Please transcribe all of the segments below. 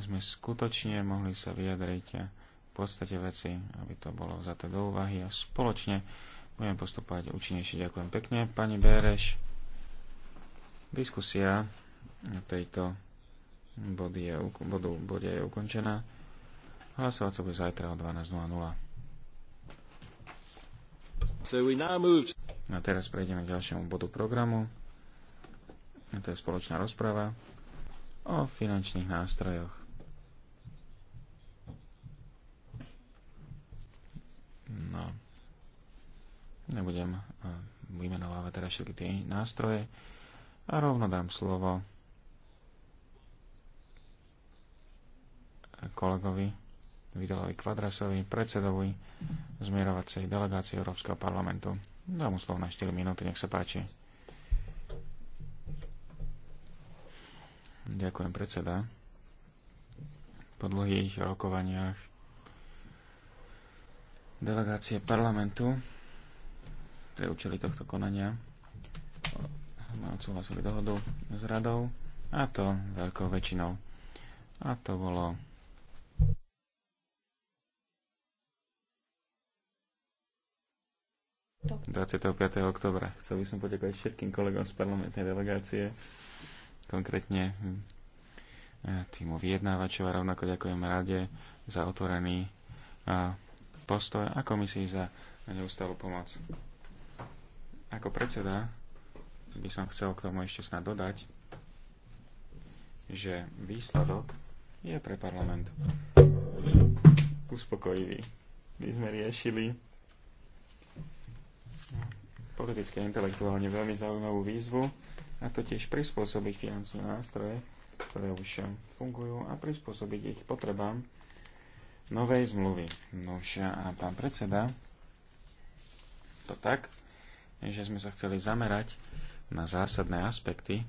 sme skutočne mohli sa vyjadriť v podstate veci, aby to bolo vzaté do úvahy a spoločne budeme postupovať účinnejšie. Ďakujem pekne, pani Béreš. Diskusia na tejto body je, bodu, bode je ukončená. Hlasovať sa bude zajtra o 12.00. So a teraz prejdeme k ďalšiemu bodu programu. A to je spoločná rozprava o finančných nástrojoch. No, nebudem eh, vymenovávať teraz všetky tie nástroje a rovno dám slovo kolegovi Vidalovi Kvadrasovi, predsedovi zmierovacej delegácie Európskeho parlamentu. Dám mu slovo na 4 minúty, nech sa páči. Ďakujem, predseda. Po dlhých rokovaniach delegácie parlamentu pre účely tohto konania odsúhlasili dohodu s radou a to veľkou väčšinou. A to bolo To. 25. oktobra. Chcel by som poďakovať všetkým kolegom z parlamentnej delegácie, konkrétne eh, týmu vyjednávačov a rovnako ďakujem rade za otvorený eh, postoj a komisii za neustálu pomoc. Ako predseda by som chcel k tomu ešte snad dodať, že výsledok je pre parlament uspokojivý. My sme riešili politické a intelektuálne veľmi zaujímavú výzvu a to tiež prispôsobiť finančné nástroje, ktoré už fungujú a prispôsobiť ich potrebám novej zmluvy. No a pán predseda, to tak, že sme sa chceli zamerať na zásadné aspekty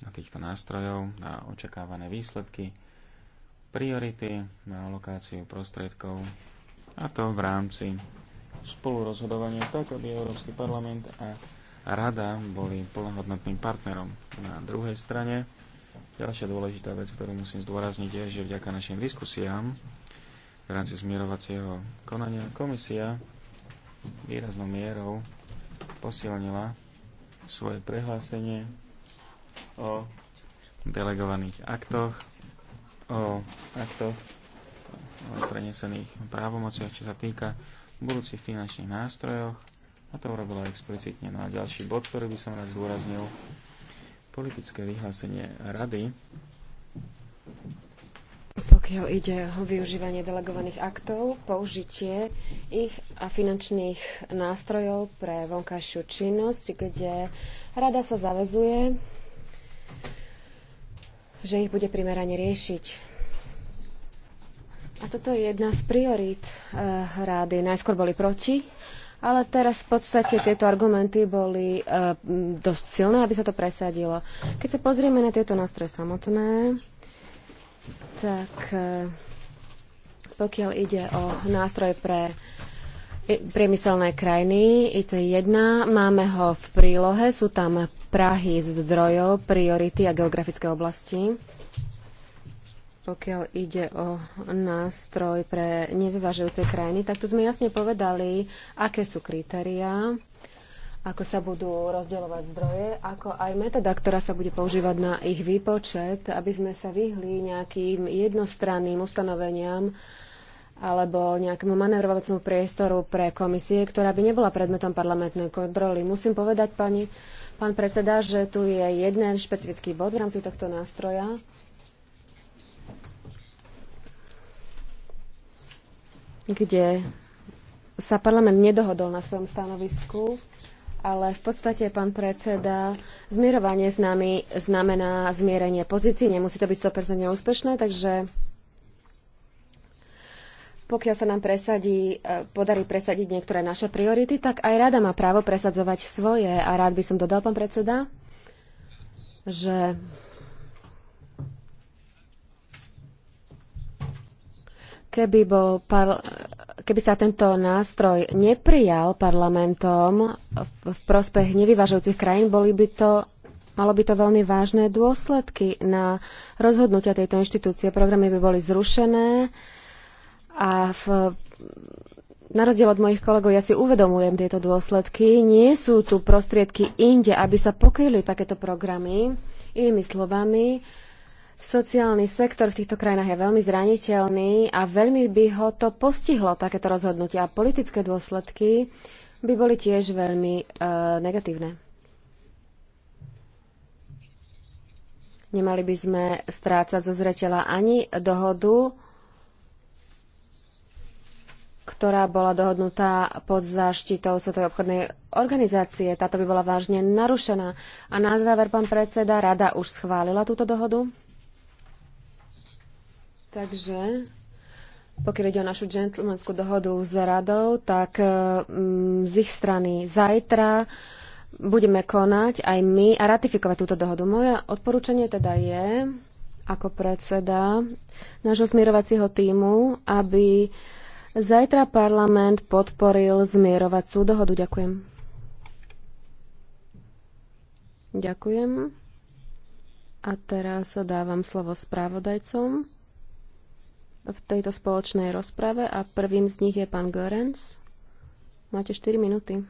na týchto nástrojov, na očakávané výsledky, priority na alokáciu prostriedkov a to v rámci spolurozhodovania tak, aby Európsky parlament a Rada boli plnohodnotným partnerom. Na druhej strane, ďalšia dôležitá vec, ktorú musím zdôrazniť, je, že vďaka našim diskusiám v rámci zmierovacieho konania komisia výraznou mierou posilnila svoje prehlásenie o delegovaných aktoch, o aktoch o prenesených právomociach, čo sa týka budúcich finančných nástrojoch. A to urobilo explicitne. No a ďalší bod, ktorý by som rád zdôraznil, politické vyhlásenie rady pokiaľ ide o využívanie delegovaných aktov, použitie ich a finančných nástrojov pre vonkajšiu činnosť, kde rada sa zavezuje, že ich bude primerane riešiť. A toto je jedna z priorít e, rády. Najskôr boli proti, ale teraz v podstate tieto argumenty boli e, dosť silné, aby sa to presadilo. Keď sa pozrieme na tieto nástroje samotné, tak e, pokiaľ ide o nástroj pre priemyselné krajiny IC1, máme ho v prílohe, sú tam Prahy zdrojov, priority a geografické oblasti. Pokiaľ ide o nástroj pre nevyvážajúce krajiny, tak tu sme jasne povedali, aké sú kritériá ako sa budú rozdeľovať zdroje, ako aj metóda, ktorá sa bude používať na ich výpočet, aby sme sa vyhli nejakým jednostranným ustanoveniam alebo nejakému manevrovacomu priestoru pre komisie, ktorá by nebola predmetom parlamentnej kontroly. Musím povedať, pani, pán predseda, že tu je jeden špecifický bod v rámci tohto nástroja, kde sa parlament nedohodol na svojom stanovisku ale v podstate, pán predseda, zmierovanie s nami znamená zmierenie pozícií. Nemusí to byť 100% úspešné, takže pokiaľ sa nám presadí, e, podarí presadiť niektoré naše priority, tak aj rada má právo presadzovať svoje. A rád by som dodal, pán predseda, že keby bol Keby sa tento nástroj neprijal parlamentom v prospech nevyvažujúcich krajín, boli by to, malo by to veľmi vážne dôsledky na rozhodnutia tejto inštitúcie. Programy by boli zrušené a v, na rozdiel od mojich kolegov ja si uvedomujem tieto dôsledky. Nie sú tu prostriedky inde, aby sa pokryli takéto programy. Inými slovami, Sociálny sektor v týchto krajinách je veľmi zraniteľný a veľmi by ho to postihlo, takéto rozhodnutia. Politické dôsledky by boli tiež veľmi e, negatívne. Nemali by sme strácať zo zreteľa ani dohodu, ktorá bola dohodnutá pod záštitou Svetovej obchodnej organizácie. Táto by bola vážne narušená. A na záver, pán predseda, rada už schválila túto dohodu. Takže pokiaľ ide o našu džentlmenskú dohodu s radou, tak um, z ich strany zajtra budeme konať aj my a ratifikovať túto dohodu. Moje odporúčanie teda je, ako predseda nášho smierovacieho týmu, aby zajtra parlament podporil zmierovacú dohodu. Ďakujem. Ďakujem. A teraz dávam slovo správodajcom v tejto spoločnej rozprave a prvým z nich je pán Görens. Máte 4 minúty.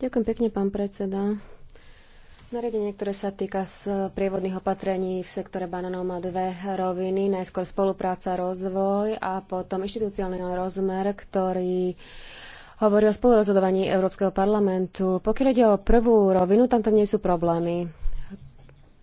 Ďakujem pekne, pán predseda. Nariadenie, ktoré sa týka z prievodných opatrení v sektore bananov má dve roviny. Najskôr spolupráca, rozvoj a potom inštitúciálny rozmer, ktorý hovorí o spolurozhodovaní Európskeho parlamentu. Pokiaľ ide o prvú rovinu, tam tam nie sú problémy.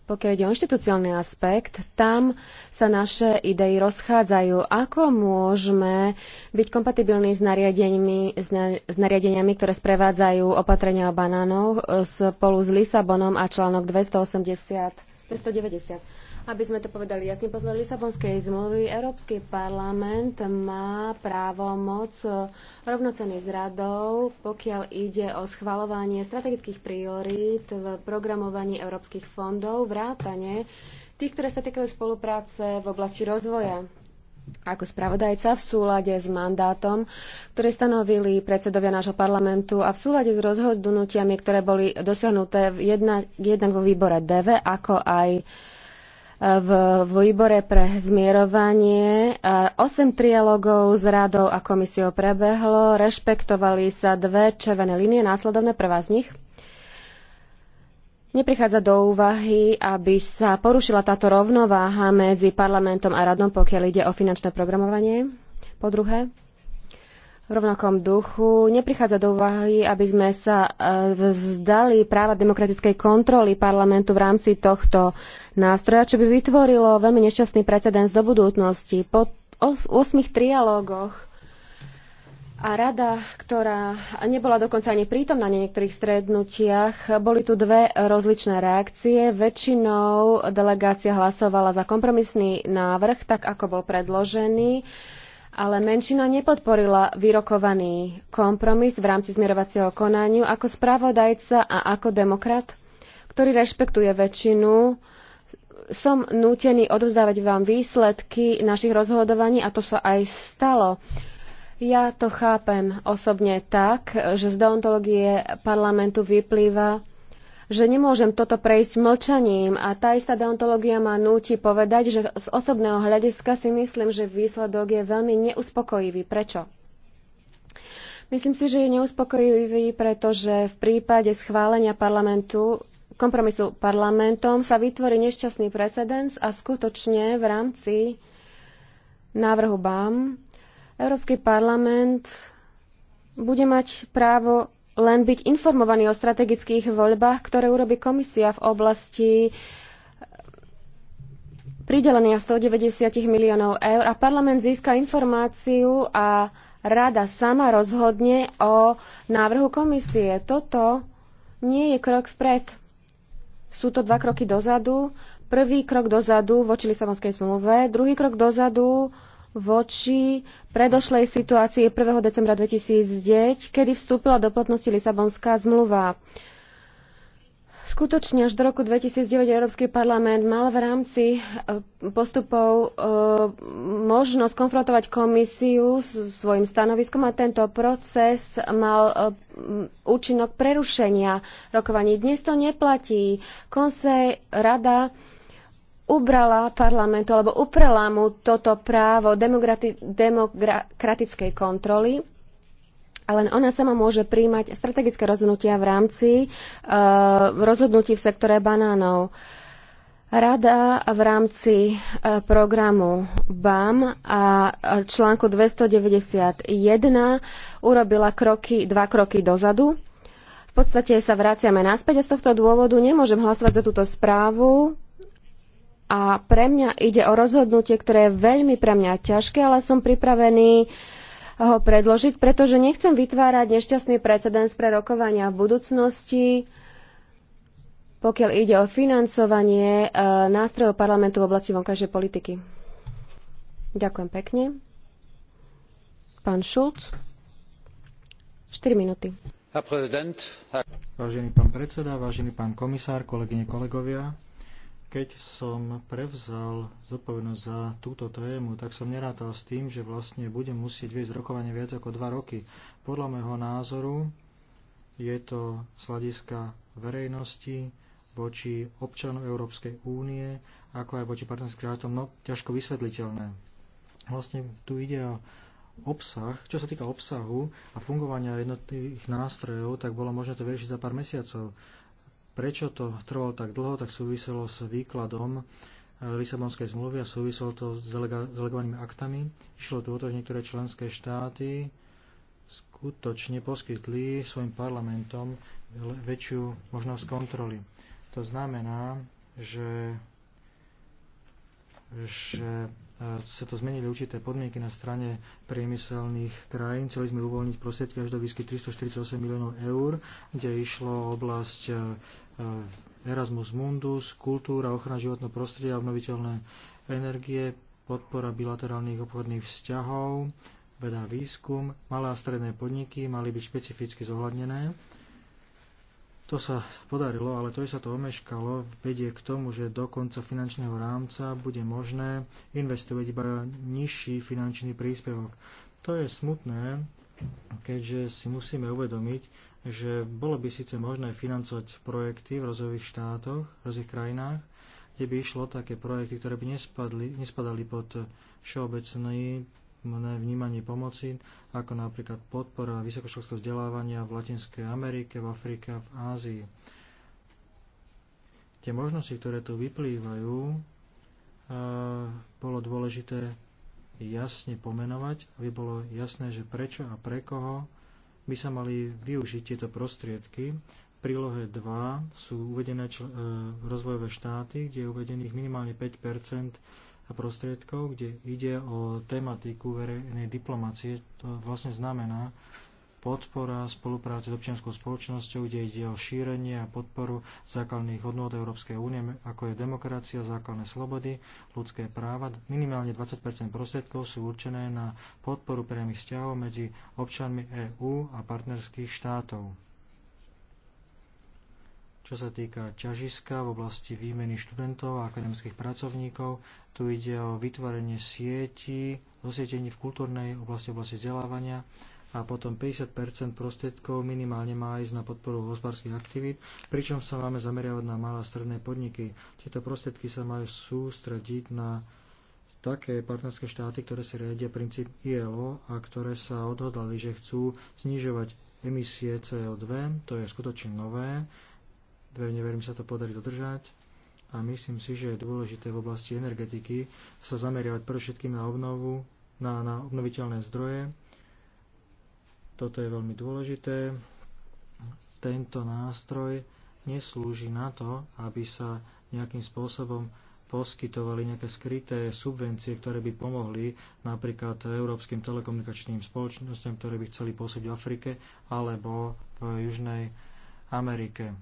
Pokiaľ ide o inštitucionálny aspekt, tam sa naše idei rozchádzajú. Ako môžeme byť kompatibilní s nariadeniami, s, nariadeniami ktoré sprevádzajú opatrenia o banánov e, spolu s Lisabonom a článok 280, 290? Aby sme to povedali jasne, podľa Lisabonskej zmluvy Európsky parlament má právo moc e, rovnocený s radou, pokiaľ ide o schvalovanie strategických priorít v programovaní európskych fondov, vrátane tých, ktoré sa týkajú spolupráce v oblasti rozvoja ako spravodajca v súlade s mandátom, ktoré stanovili predsedovia nášho parlamentu a v súlade s rozhodnutiami, ktoré boli dosiahnuté jednak vo výbore DV, ako aj v výbore pre zmierovanie. 8 trialogov s radou a komisiou prebehlo. Rešpektovali sa dve červené línie, následovné prvá z nich. Neprichádza do úvahy, aby sa porušila táto rovnováha medzi parlamentom a radom, pokiaľ ide o finančné programovanie. Po druhé, v rovnakom duchu. Neprichádza do úvahy, aby sme sa eh, vzdali práva demokratickej kontroly parlamentu v rámci tohto nástroja, čo by vytvorilo veľmi nešťastný precedens do budúcnosti. Po 8 trialógoch a rada, ktorá nebola dokonca ani prítomná na niektorých strednutiach, boli tu dve rozličné reakcie. Väčšinou delegácia hlasovala za kompromisný návrh, tak ako bol predložený ale menšina nepodporila vyrokovaný kompromis v rámci zmierovacieho konaniu ako spravodajca a ako demokrat, ktorý rešpektuje väčšinu. Som nútený odovzdávať vám výsledky našich rozhodovaní a to sa aj stalo. Ja to chápem osobne tak, že z deontológie parlamentu vyplýva, že nemôžem toto prejsť mlčaním a tá istá deontológia ma núti povedať, že z osobného hľadiska si myslím, že výsledok je veľmi neuspokojivý. Prečo? Myslím si, že je neuspokojivý, pretože v prípade schválenia parlamentu kompromisu parlamentom sa vytvorí nešťastný precedens a skutočne v rámci návrhu BAM Európsky parlament bude mať právo len byť informovaní o strategických voľbách, ktoré urobí komisia v oblasti eh, pridelenia 190 miliónov eur a parlament získa informáciu a rada sama rozhodne o návrhu komisie. Toto nie je krok vpred. Sú to dva kroky dozadu. Prvý krok dozadu voči Lisabonskej zmluve, druhý krok dozadu voči predošlej situácii 1. decembra 2009, kedy vstúpila do platnosti Lisabonská zmluva. Skutočne až do roku 2009 Európsky parlament mal v rámci e, postupov e, možnosť konfrontovať komisiu s svojim stanoviskom a tento proces mal e, účinok prerušenia rokovaní. Dnes to neplatí. Konsej, rada ubrala parlamentu alebo uprela mu toto právo demokrati- demokratickej kontroly a len ona sama môže príjmať strategické rozhodnutia v rámci uh, rozhodnutí v sektore banánov. Rada v rámci uh, programu BAM a e, článku 291 urobila kroky, dva kroky dozadu. V podstate sa vraciame naspäť a z tohto dôvodu nemôžem hlasovať za túto správu, a pre mňa ide o rozhodnutie, ktoré je veľmi pre mňa ťažké, ale som pripravený ho predložiť, pretože nechcem vytvárať nešťastný precedens pre rokovania v budúcnosti, pokiaľ ide o financovanie e, nástrojov parlamentu v oblasti vonkajšej politiky. Ďakujem pekne. Pán Šulc. 4 minúty. Vážený pán predseda, vážený pán komisár, kolegyne, kolegovia, keď som prevzal zodpovednosť za túto tému, tak som nerátal s tým, že vlastne budem musieť viesť rokovanie viac ako dva roky. Podľa môjho názoru je to z hľadiska verejnosti, voči občanov Európskej únie, ako aj voči partnerským krajom, no ťažko vysvetliteľné. Vlastne tu ide o obsah, čo sa týka obsahu a fungovania jednotlivých nástrojov, tak bolo možné to vyriešiť za pár mesiacov. Prečo to trvalo tak dlho, tak súviselo s výkladom eh, Lisabonskej zmluvy a súviselo to s delegovanými aktami. Išlo tu o to, že niektoré členské štáty skutočne poskytli svojim parlamentom väčšiu možnosť kontroly. To znamená, že že e, sa to zmenili určité podmienky na strane priemyselných krajín. Chceli sme uvoľniť prostriedky až do výsky 348 miliónov eur, kde išlo oblasť e, e, Erasmus Mundus, kultúra, ochrana životného prostredia, obnoviteľné energie, podpora bilaterálnych obchodných vzťahov, veda výskum, malé a stredné podniky mali byť špecificky zohľadnené to sa podarilo, ale to, že sa to omeškalo, vedie k tomu, že do konca finančného rámca bude možné investovať iba nižší finančný príspevok. To je smutné, keďže si musíme uvedomiť, že bolo by síce možné financovať projekty v rozvojových štátoch, v rozvojových krajinách, kde by išlo také projekty, ktoré by nespadli, nespadali pod všeobecný koherentné vnímanie pomoci, ako napríklad podpora vysokoškolského vzdelávania v Latinskej Amerike, v Afrike a v Ázii. Tie možnosti, ktoré tu vyplývajú, e, bolo dôležité jasne pomenovať, aby bolo jasné, že prečo a pre koho by sa mali využiť tieto prostriedky. V prílohe 2 sú uvedené e, rozvojové štáty, kde je uvedených minimálne 5 a prostriedkov, kde ide o tematiku verejnej diplomácie. To vlastne znamená podpora spolupráce s občianskou spoločnosťou, kde ide o šírenie a podporu základných hodnot Európskej únie, ako je demokracia, základné slobody, ľudské práva. Minimálne 20 prostriedkov sú určené na podporu priamých vzťahov medzi občanmi EÚ a partnerských štátov. Čo sa týka ťažiska v oblasti výmeny študentov a akademických pracovníkov, tu ide o vytvorenie sieti, zosietení v kultúrnej oblasti, oblasti vzdelávania a potom 50 prostriedkov minimálne má ísť na podporu hospodárskych aktivít, pričom sa máme zameriavať na malé a stredné podniky. Tieto prostriedky sa majú sústrediť na také partnerské štáty, ktoré si riadia princíp ILO a ktoré sa odhodlali, že chcú znižovať emisie CO2, to je skutočne nové Pevne verím, sa to podarí dodržať a myslím si, že je dôležité v oblasti energetiky sa zameriavať predovšetkým na obnovu, na, na obnoviteľné zdroje. Toto je veľmi dôležité. Tento nástroj neslúži na to, aby sa nejakým spôsobom poskytovali nejaké skryté subvencie, ktoré by pomohli napríklad európskym telekomunikačným spoločnosťam, ktoré by chceli pôsobiť v Afrike alebo v Južnej Amerike.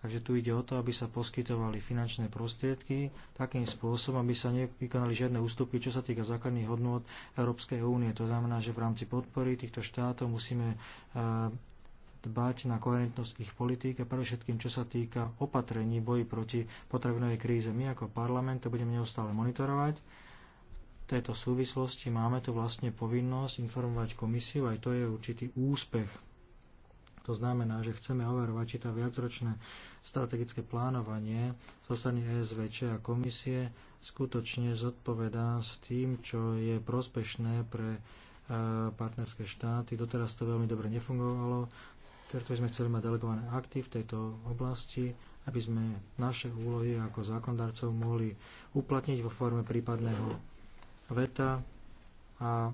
Takže tu ide o to, aby sa poskytovali finančné prostriedky takým spôsobom, aby sa nevykonali žiadne ústupy, čo sa týka základných hodnôt Európskej únie. To znamená, že v rámci podpory týchto štátov musíme e, dbať na koherentnosť ich politík a všetkým, čo sa týka opatrení boji proti potravinovej kríze. My ako parlament to budeme neustále monitorovať. V tejto súvislosti máme tu vlastne povinnosť informovať komisiu, aj to je určitý úspech to znamená, že chceme overovať, či tá viacročné strategické plánovanie zo strany ESVČ a komisie skutočne zodpovedá s tým, čo je prospešné pre e, partnerské štáty. Doteraz to veľmi dobre nefungovalo, preto sme chceli mať delegované akty v tejto oblasti, aby sme naše úlohy ako zákondarcov mohli uplatniť vo forme prípadného veta a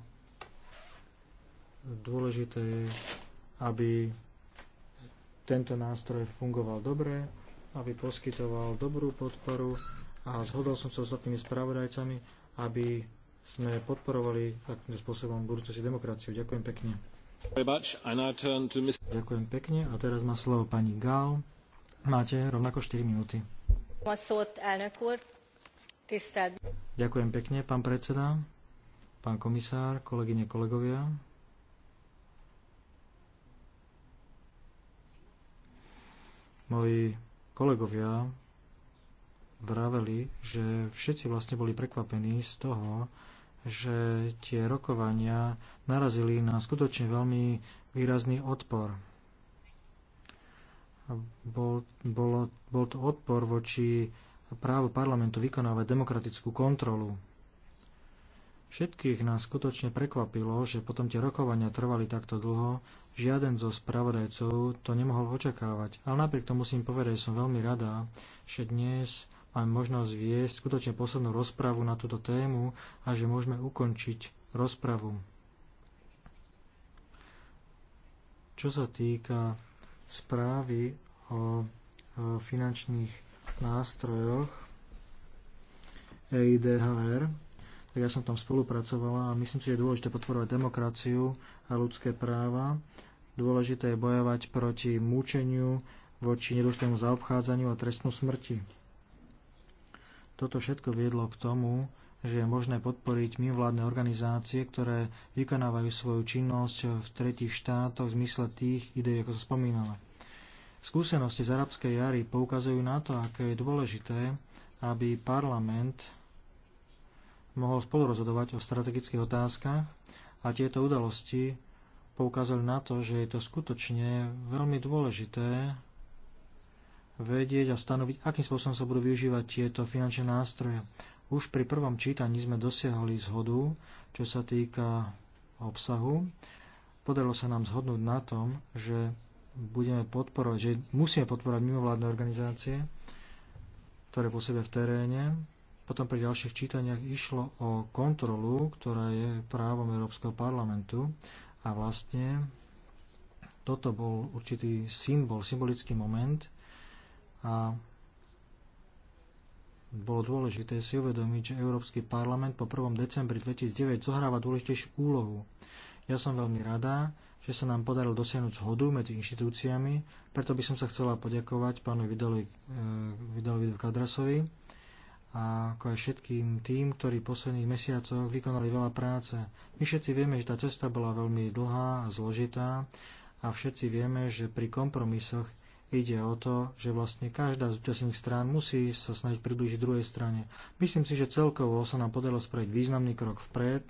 dôležité je, aby tento nástroj fungoval dobre, aby poskytoval dobrú podporu a zhodol som sa s ostatnými spravodajcami, aby sme podporovali takýmto spôsobom budúcu si demokraciu. Ďakujem pekne. Ďakujem pekne a teraz má slovo pani Gál. Máte rovnako 4 minúty. Ďakujem pekne, pán predseda, pán komisár, kolegyne, kolegovia. Moji kolegovia vraveli, že všetci vlastne boli prekvapení z toho, že tie rokovania narazili na skutočne veľmi výrazný odpor. Bol, bolo, bol to odpor voči právo parlamentu vykonávať demokratickú kontrolu. Všetkých nás skutočne prekvapilo, že potom tie rokovania trvali takto dlho žiaden zo spravodajcov to nemohol očakávať. Ale napriek tomu musím povedať, že som veľmi rada, že dnes máme možnosť viesť skutočne poslednú rozpravu na túto tému a že môžeme ukončiť rozpravu. Čo sa týka správy o e, finančných nástrojoch EIDHR, tak ja som tam spolupracovala a myslím si, že je dôležité podporovať demokraciu a ľudské práva Dôležité je bojovať proti mučeniu, voči nedostému zaobchádzaniu a trestnú smrti. Toto všetko viedlo k tomu, že je možné podporiť mimovládne organizácie, ktoré vykonávajú svoju činnosť v tretich štátoch v zmysle tých ideí, ako sa spomínala. Skúsenosti z arabskej jary poukazujú na to, aké je dôležité, aby parlament mohol spolurozhodovať o strategických otázkach a tieto udalosti poukázali na to, že je to skutočne veľmi dôležité vedieť a stanoviť, akým spôsobom sa budú využívať tieto finančné nástroje. Už pri prvom čítaní sme dosiahli zhodu, čo sa týka obsahu. Podarilo sa nám zhodnúť na tom, že budeme podporovať, že musíme podporovať mimovládne organizácie, ktoré pôsobia v teréne, potom pri ďalších čítaniach išlo o kontrolu, ktorá je právom Európskeho parlamentu. A vlastne toto bol určitý symbol, symbolický moment a bolo dôležité si uvedomiť, že Európsky parlament po 1. decembri 2009 zohráva dôležitejšiu úlohu. Ja som veľmi rada, že sa nám podarilo dosiahnuť zhodu medzi inštitúciami, preto by som sa chcela poďakovať pánovi Vidalovi, eh, Vidalovi Kadrasovi, a ako aj všetkým tým, ktorí v posledných mesiacoch vykonali veľa práce. My všetci vieme, že tá cesta bola veľmi dlhá a zložitá a všetci vieme, že pri kompromisoch ide o to, že vlastne každá z účastných strán musí sa snažiť priblížiť druhej strane. Myslím si, že celkovo sa nám podarilo spraviť významný krok vpred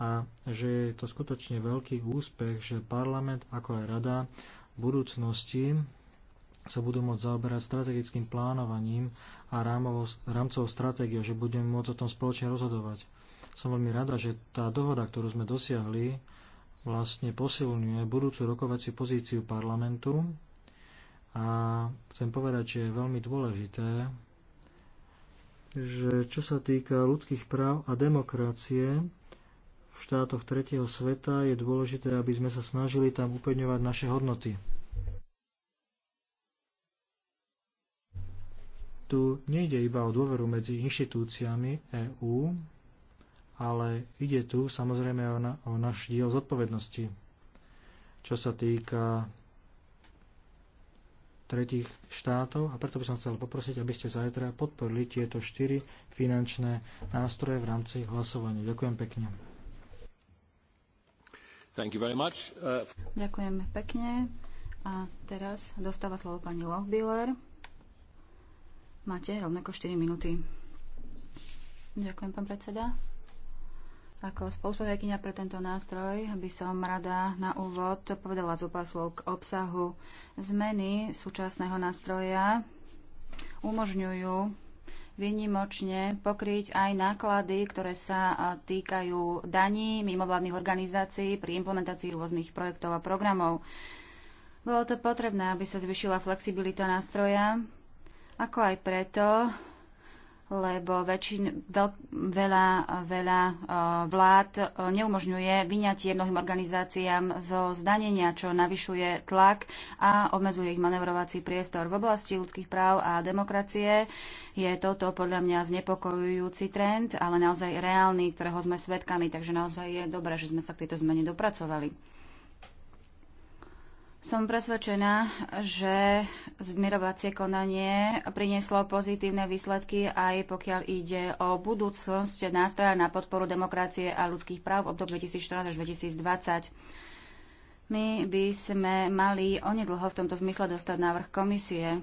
a že je to skutočne veľký úspech, že parlament ako aj rada v budúcnosti sa budú môcť zaoberať strategickým plánovaním a rámovou, rámcovou stratégiou, že budeme môcť o tom spoločne rozhodovať. Som veľmi rada, že tá dohoda, ktorú sme dosiahli, vlastne posilňuje budúcu rokovaciu pozíciu parlamentu a chcem povedať, že je veľmi dôležité, že čo sa týka ľudských práv a demokracie v štátoch tretieho sveta, je dôležité, aby sme sa snažili tam upevňovať naše hodnoty. tu nejde iba o dôveru medzi inštitúciami EÚ, ale ide tu samozrejme o, na, o náš diel zodpovednosti, čo sa týka tretich štátov a preto by som chcel poprosiť, aby ste zajtra podporili tieto štyri finančné nástroje v rámci hlasovania. Ďakujem pekne. Thank you very much. Uh... Ďakujem pekne. A teraz dostáva slovo pani Lochbiller. Máte rovnako 4 minúty. Ďakujem, pán predseda. Ako spolupravodajkynia pre tento nástroj by som rada na úvod povedala z opaslov k obsahu. Zmeny súčasného nástroja umožňujú výnimočne pokryť aj náklady, ktoré sa týkajú daní mimovládnych organizácií pri implementácii rôznych projektov a programov. Bolo to potrebné, aby sa zvyšila flexibilita nástroja, ako aj preto, lebo väčšin, veľ, veľa, veľa e, vlád e, neumožňuje vyňatie mnohým organizáciám zo zdanenia, čo navyšuje tlak a obmedzuje ich manevrovací priestor. V oblasti ľudských práv a demokracie je toto podľa mňa znepokojujúci trend, ale naozaj reálny, ktorého sme svedkami, takže naozaj je dobré, že sme sa k tejto zmene dopracovali. Som presvedčená, že zmierovacie konanie prinieslo pozitívne výsledky aj pokiaľ ide o budúcnosť nástroja na podporu demokracie a ľudských práv v období 2014 až 2020. My by sme mali onedlho v tomto zmysle dostať návrh komisie.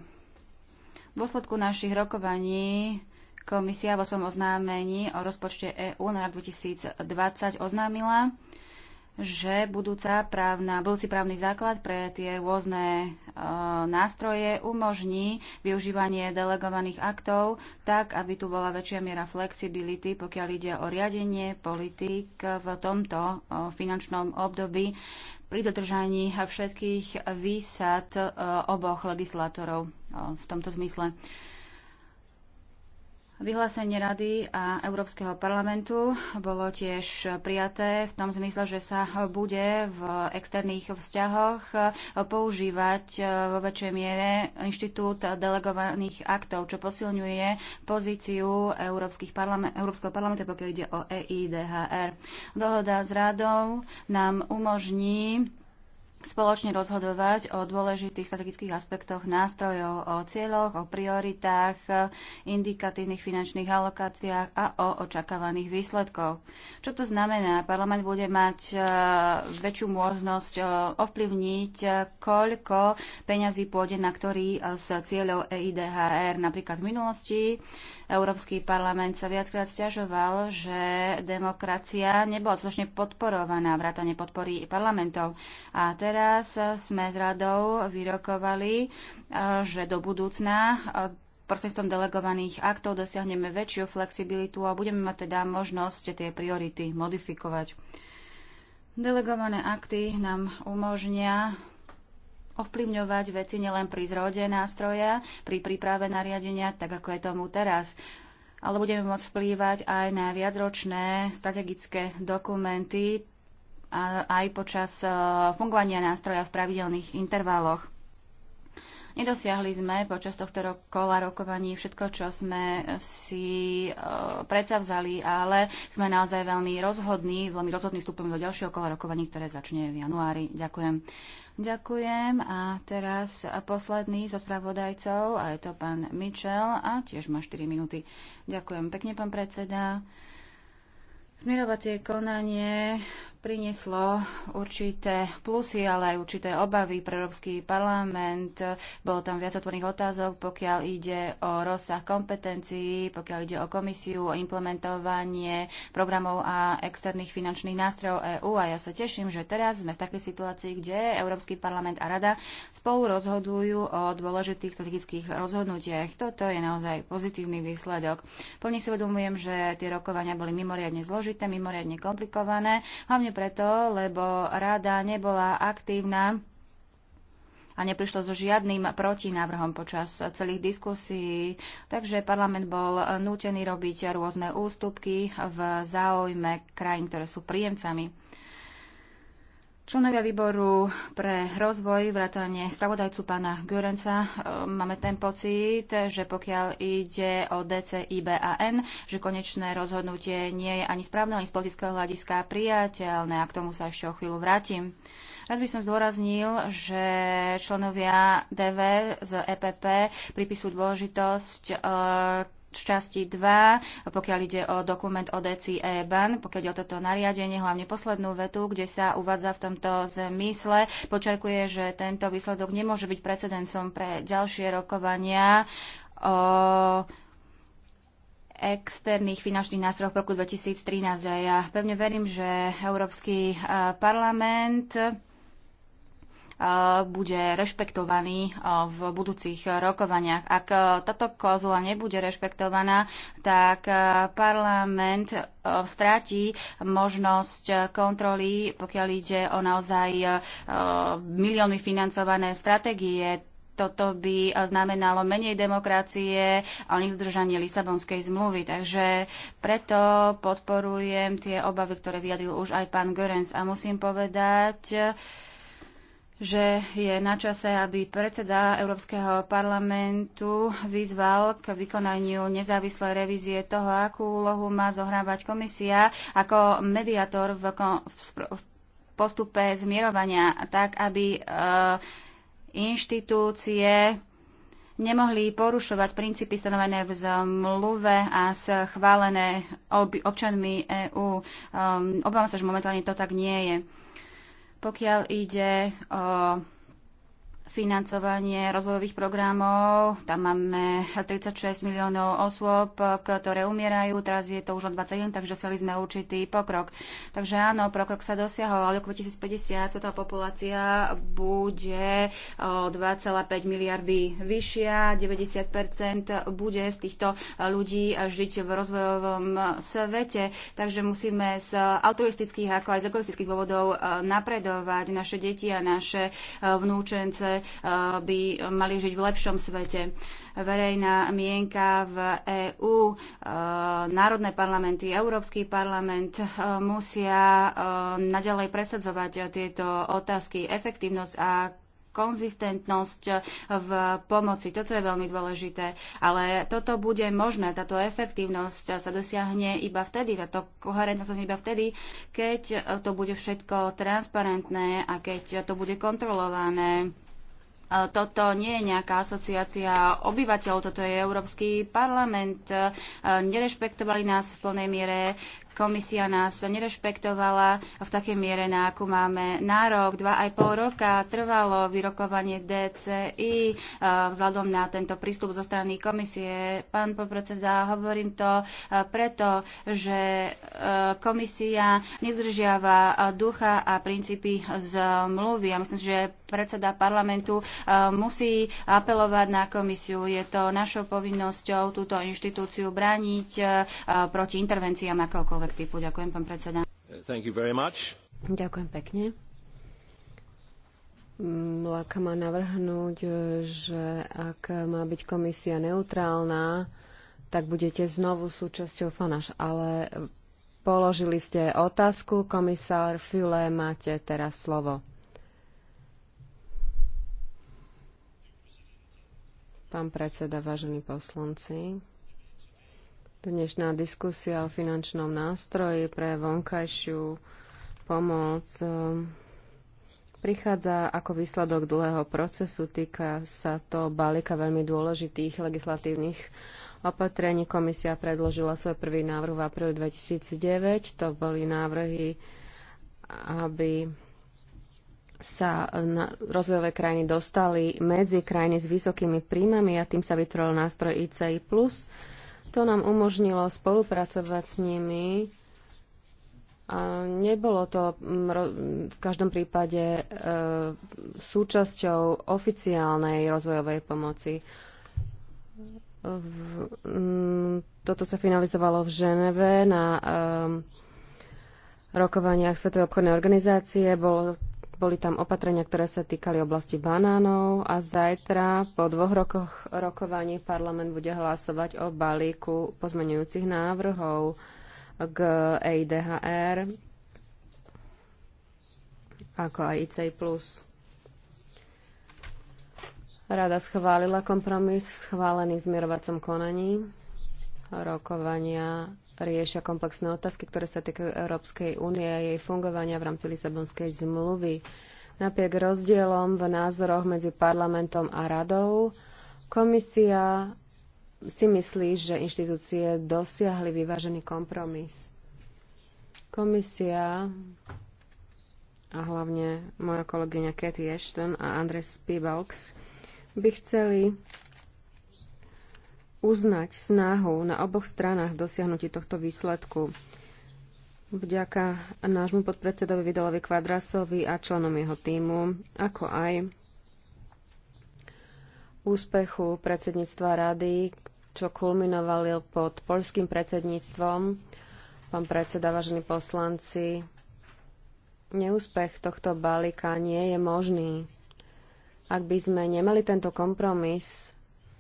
V dôsledku našich rokovaní komisia vo svojom oznámení o rozpočte EÚ na 2020 oznámila, že budúca právna, budúci právny základ pre tie rôzne e, nástroje umožní využívanie delegovaných aktov tak, aby tu bola väčšia miera flexibility, pokiaľ ide o riadenie politik v tomto e, finančnom období pri dodržaní všetkých výsad e, oboch legislátorov e, v tomto zmysle. E, Vyhlásenie Rady a Európskeho parlamentu bolo tiež prijaté v tom zmysle, že sa bude v externých vzťahoch používať e, vo väčšej miere inštitút delegovaných aktov, čo posilňuje pozíciu Európskych parlament, Európskeho parlamentu, pokiaľ ide o EIDHR. Dohoda s Radou nám umožní spoločne rozhodovať o dôležitých strategických aspektoch nástrojov, o cieľoch, o prioritách, indikatívnych finančných alokáciách a o očakávaných výsledkoch. Čo to znamená? Parlament bude mať e, väčšiu možnosť e, ovplyvniť, e, koľko peňazí pôjde na ktorý z cieľov EIDHR. Napríklad v minulosti Európsky parlament sa viackrát stiažoval, že demokracia nebola slušne podporovaná, vrátane podpory parlamentov. A teraz sme s radou vyrokovali, eh, že do budúcna eh, prostredstvom delegovaných aktov dosiahneme väčšiu flexibilitu a budeme mať teda možnosť tie priority modifikovať. Delegované akty nám umožnia ovplyvňovať veci nielen pri zrode nástroja, pri príprave nariadenia, tak ako je tomu teraz ale budeme môcť vplývať aj na viacročné strategické dokumenty a aj počas eh, fungovania nástroja v pravidelných intervaloch. Nedosiahli sme počas tohto kola rokovaní všetko, čo sme eh, si eh, predsavzali, ale sme naozaj veľmi rozhodní, veľmi rozhodní vstupujeme do ďalšieho kola rokovaní, ktoré začne v januári. Ďakujem. Ďakujem a teraz posledný zo so spravodajcov a je to pán Mitchell a tiež má 4 minúty. Ďakujem pekne, pán predseda. Zmierovacie konanie prinieslo určité plusy, ale aj určité obavy pre Európsky parlament. Bolo tam viac otvorných otázok, pokiaľ ide o rozsah kompetencií, pokiaľ ide o komisiu, o implementovanie programov a externých finančných nástrojov EÚ. A ja sa teším, že teraz sme v takej situácii, kde Európsky parlament a Rada spolu rozhodujú o dôležitých strategických rozhodnutiach. Toto je naozaj pozitívny výsledok. Plne si uvedomujem, že tie rokovania boli mimoriadne zložité, mimoriadne komplikované, hlavne preto, lebo rada nebola aktívna a neprišlo so žiadnym protinávrhom počas celých diskusí. Takže parlament bol nútený robiť rôzne ústupky v záujme krajín, ktoré sú príjemcami Členovia výboru pre rozvoj, vrátanie spravodajcu pána Görenca, e, máme ten pocit, že pokiaľ ide o DCIBAN, že konečné rozhodnutie nie je ani správne, ani z politického hľadiska priateľné a k tomu sa ešte o chvíľu vrátim. Rád by som zdôraznil, že členovia DV z EPP pripisujú dôležitosť e, časti 2, pokiaľ ide o dokument o DC EBAN, pokiaľ ide o toto nariadenie, hlavne poslednú vetu, kde sa uvádza v tomto zmysle, počerkuje, že tento výsledok nemôže byť precedensom pre ďalšie rokovania o externých finančných nástrojov v roku 2013. A ja pevne verím, že Európsky parlament bude rešpektovaný v budúcich rokovaniach. Ak táto klauzula nebude rešpektovaná, tak parlament stráti možnosť kontroly, pokiaľ ide o naozaj milióny financované stratégie toto by znamenalo menej demokracie a nedodržanie Lisabonskej zmluvy. Takže preto podporujem tie obavy, ktoré vyjadril už aj pán Görens. A musím povedať, že je na čase, aby predseda Európskeho parlamentu vyzval k vykonaniu nezávislej revízie toho, akú úlohu má zohrávať komisia ako mediátor v, postupe zmierovania, tak aby e, inštitúcie nemohli porušovať princípy stanovené v zmluve a schválené ob- občanmi EÚ. Um, ehm, obávam sa, že momentálne to tak nie je. Pokiaľ ide o financovanie rozvojových programov. Tam máme 36 miliónov osôb, ktoré umierajú. Teraz je to už len 21, takže dosiahli sme určitý pokrok. Takže áno, pokrok sa dosiahol, ale roku 2050 svetová populácia bude 2,5 miliardy vyššia. 90% bude z týchto ľudí žiť v rozvojovom svete. Takže musíme z altruistických ako aj z ekologických dôvodov napredovať. Naše deti a naše vnúčence Eh, by mali žiť v lepšom svete. Verejná mienka v EÚ, eh, národné parlamenty, Európsky parlament eh, musia naďalej presadzovať tieto otázky efektívnosť a konzistentnosť v pomoci. Toto je veľmi dôležité. Ale toto bude možné, táto efektívnosť sa dosiahne iba vtedy, táto koherentnosť iba vtedy, keď to bude všetko transparentné a keď to bude kontrolované toto nie je nejaká asociácia obyvateľov, toto je Európsky parlament. Nerešpektovali nás v plnej miere, komisia nás nerešpektovala v takej miere, na akú máme nárok. Dva aj pol roka trvalo vyrokovanie DCI vzhľadom na tento prístup zo strany komisie. Pán popredseda, hovorím to preto, že komisia nedržiava ducha a princípy z mluvy Ja myslím, že predseda parlamentu e, musí apelovať na komisiu. Je to našou povinnosťou túto inštitúciu brániť e, proti intervenciám akéhokoľvek typu. Ďakujem, pán predseda. Ďakujem pekne. Láka má navrhnúť, že ak má byť komisia neutrálna, tak budete znovu súčasťou FANAŠ. Ale položili ste otázku, komisár Fule, máte teraz slovo. Pán predseda, vážení poslanci, dnešná diskusia o finančnom nástroji pre vonkajšiu pomoc eh, prichádza ako výsledok dlhého procesu. Týka sa to balíka veľmi dôležitých legislatívnych opatrení. Komisia predložila svoj prvý návrh v apríli 2009. To boli návrhy, aby sa e, na rozvojové krajiny dostali medzi krajiny s vysokými príjmami a tým sa vytvoril nástroj ICI+. To nám umožnilo spolupracovať s nimi a nebolo to v každom prípade e, súčasťou oficiálnej rozvojovej pomoci. toto sa finalizovalo v Ženeve na e, rokovaniach Svetovej obchodnej organizácie. Bolo boli tam opatrenia, ktoré sa týkali oblasti banánov a zajtra po dvoch rokoch rokovaní parlament bude hlasovať o balíku pozmenujúcich návrhov k EIDHR ako aj IC. Rada schválila kompromis schválený v zmierovacom konaní. Rokovania riešia komplexné otázky, ktoré sa týkajú Európskej únie a jej fungovania v rámci Lisabonskej zmluvy. Napriek rozdielom v názoroch medzi parlamentom a radou, komisia si myslí, že inštitúcie dosiahli vyvážený kompromis. Komisia a hlavne moja kolegyňa Katie Ashton a Andres Spivalks by chceli uznať snahu na oboch stranách v dosiahnutí tohto výsledku. Vďaka nášmu podpredsedovi Vidalovi Kvadrasovi a členom jeho týmu, ako aj úspechu predsedníctva rady, čo kulminovali pod poľským predsedníctvom. Pán predseda, vážení poslanci, neúspech tohto balíka nie je možný. Ak by sme nemali tento kompromis,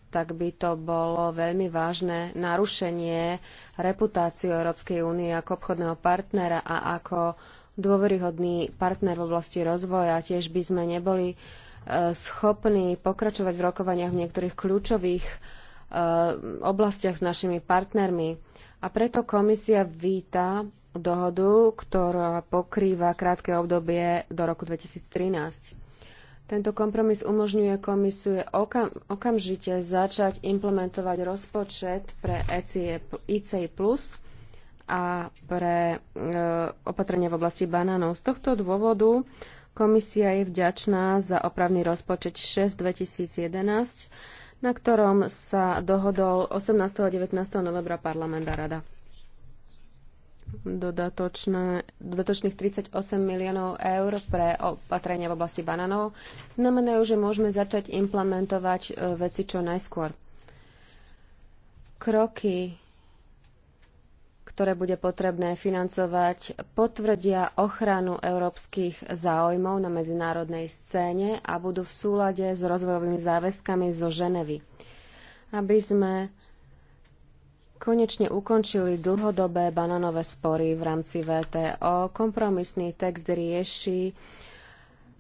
tak by to bolo veľmi vážne narušenie reputáciu Európskej únie ako obchodného partnera a ako dôveryhodný partner v oblasti rozvoja. Tiež by sme neboli e, schopní pokračovať v rokovaniach v niektorých kľúčových e, oblastiach s našimi partnermi. A preto komisia víta dohodu, ktorá pokrýva krátke obdobie do roku 2013. Tento kompromis umožňuje Komisiu okam, okamžite začať implementovať rozpočet pre ICI Plus a pre e, opatrenia v oblasti banánov. Z tohto dôvodu komisia je vďačná za opravný rozpočet 6 2011, na ktorom sa dohodol 18. a 19. novembra parlament a rada dodatočných 38 miliónov eur pre opatrenia v oblasti bananov znamenajú, že môžeme začať implementovať e, veci čo najskôr. Kroky, ktoré bude potrebné financovať, potvrdia ochranu európskych záujmov na medzinárodnej scéne a budú v súlade s rozvojovými záväzkami zo Ženevy. Aby sme konečne ukončili dlhodobé bananové spory v rámci VTO. Kompromisný text rieši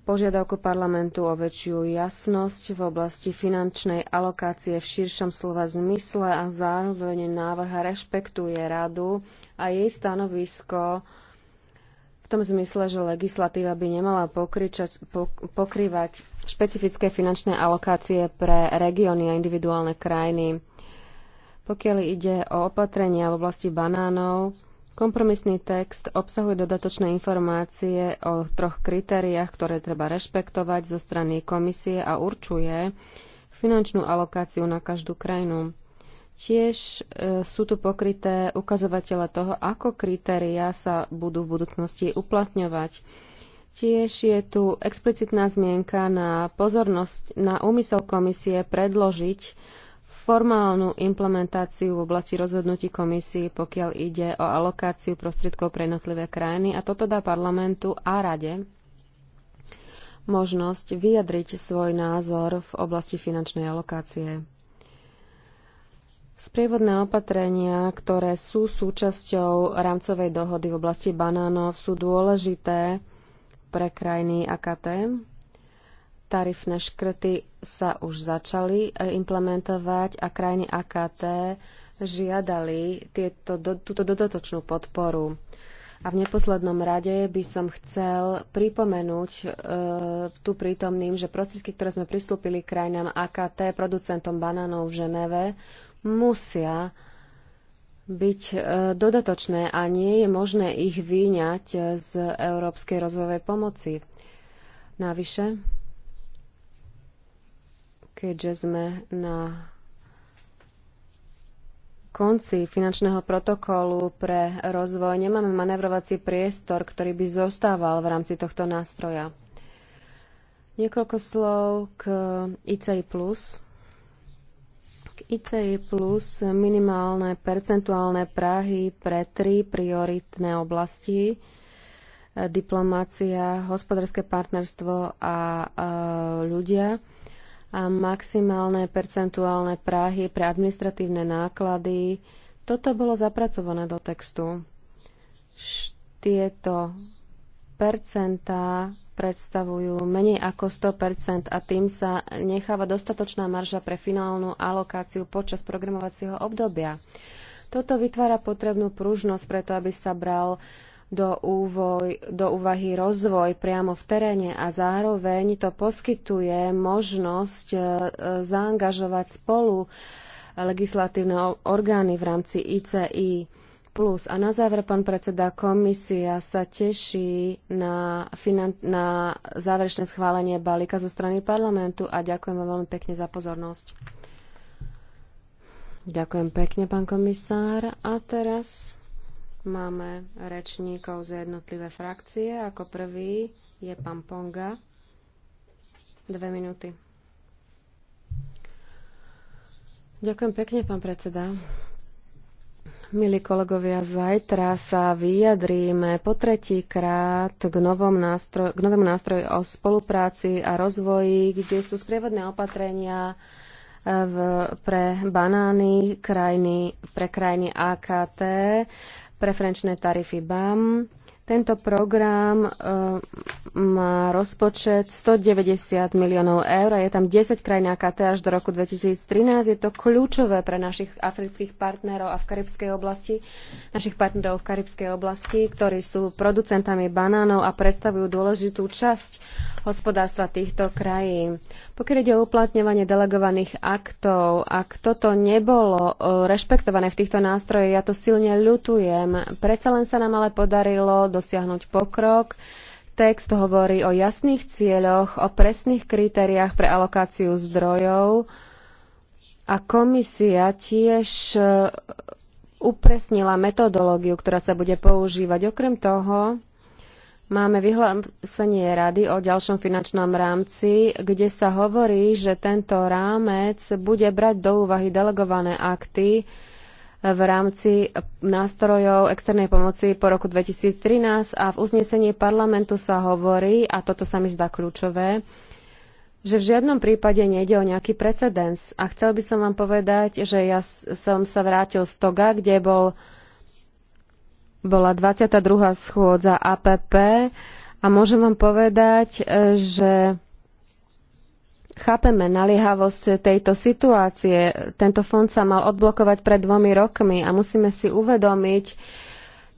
požiadavku parlamentu o väčšiu jasnosť v oblasti finančnej alokácie v širšom slova zmysle a zároveň návrh rešpektuje radu a jej stanovisko v tom zmysle, že legislatíva by nemala pokryčať, pokrývať špecifické finančné alokácie pre regióny a individuálne krajiny. Pokiaľ ide o opatrenia v oblasti banánov, kompromisný text obsahuje dodatočné informácie o troch kritériách, ktoré treba rešpektovať zo strany komisie a určuje finančnú alokáciu na každú krajinu. Tiež e, sú tu pokryté ukazovatele toho, ako kritériá sa budú v budúcnosti uplatňovať. Tiež je tu explicitná zmienka na pozornosť, na úmysel komisie predložiť formálnu implementáciu v oblasti rozhodnutí komisii, pokiaľ ide o alokáciu prostriedkov pre jednotlivé krajiny a toto dá parlamentu a rade možnosť vyjadriť svoj názor v oblasti finančnej alokácie. Sprievodné opatrenia, ktoré sú súčasťou rámcovej dohody v oblasti banánov, sú dôležité pre krajiny AKT. Tarifné škrty sa už začali e, implementovať a krajiny AKT žiadali tieto, do, túto dodatočnú podporu. A v neposlednom rade by som chcel pripomenúť e, tu prítomným, že prostriedky, ktoré sme pristúpili krajinám AKT, producentom banánov v Ženeve, musia byť e, dodatočné a nie je možné ich vyňať z Európskej rozvojovej pomoci. Navyše, keďže sme na konci finančného protokolu pre rozvoj nemáme manevrovací priestor, ktorý by zostával v rámci tohto nástroja. Niekoľko slov k ICI+. K ICI plus minimálne percentuálne práhy pre tri prioritné oblasti diplomácia, hospodárske partnerstvo a, a ľudia a maximálne percentuálne práhy pre administratívne náklady. Toto bolo zapracované do textu. Tieto percentá predstavujú menej ako 100% a tým sa necháva dostatočná marža pre finálnu alokáciu počas programovacieho obdobia. Toto vytvára potrebnú pružnosť preto, aby sa bral do, úvoj, do úvahy rozvoj priamo v teréne a zároveň to poskytuje možnosť e, e, zaangažovať spolu legislatívne orgány v rámci ICI. Plus. A na záver, pán predseda, komisia sa teší na, finan- na záverečné schválenie balíka zo strany parlamentu a ďakujem vám veľmi pekne za pozornosť. Ďakujem pekne, pán komisár. A teraz Máme rečníkov za jednotlivé frakcie. Ako prvý je pán Ponga. Dve minúty. Ďakujem pekne, pán predseda. Milí kolegovia, zajtra sa vyjadríme po tretíkrát k, novom nástroj, k novému nástroju o spolupráci a rozvoji, kde sú sprievodné opatrenia eh, v, pre banány, krajiny, pre krajiny AKT preferenčné tarify BAM. Tento program e, má rozpočet 190 miliónov eur a je tam 10 krajín AKT až do roku 2013. Je to kľúčové pre našich afrických partnerov a v karibskej oblasti, našich partnerov v karibskej oblasti, ktorí sú producentami banánov a predstavujú dôležitú časť hospodárstva týchto krajín. Pokiaľ ide o uplatňovanie delegovaných aktov, ak toto nebolo e, rešpektované v týchto nástrojoch, ja to silne ľutujem. Predsa len sa nám ale podarilo dosiahnuť pokrok. Text hovorí o jasných cieľoch, o presných kritériách pre alokáciu zdrojov a komisia tiež e, upresnila metodológiu, ktorá sa bude používať. Okrem toho, Máme vyhlásenie rady o ďalšom finančnom rámci, kde sa hovorí, že tento rámec bude brať do úvahy delegované akty v rámci nástrojov externej pomoci po roku 2013 a v uznesení parlamentu sa hovorí, a toto sa mi zdá kľúčové, že v žiadnom prípade nejde o nejaký precedens. A chcel by som vám povedať, že ja som sa vrátil z Toga, kde bol bola 22. schôdza APP a môžem vám povedať, e, že chápeme naliehavosť tejto situácie. Tento fond sa mal odblokovať pred dvomi rokmi a musíme si uvedomiť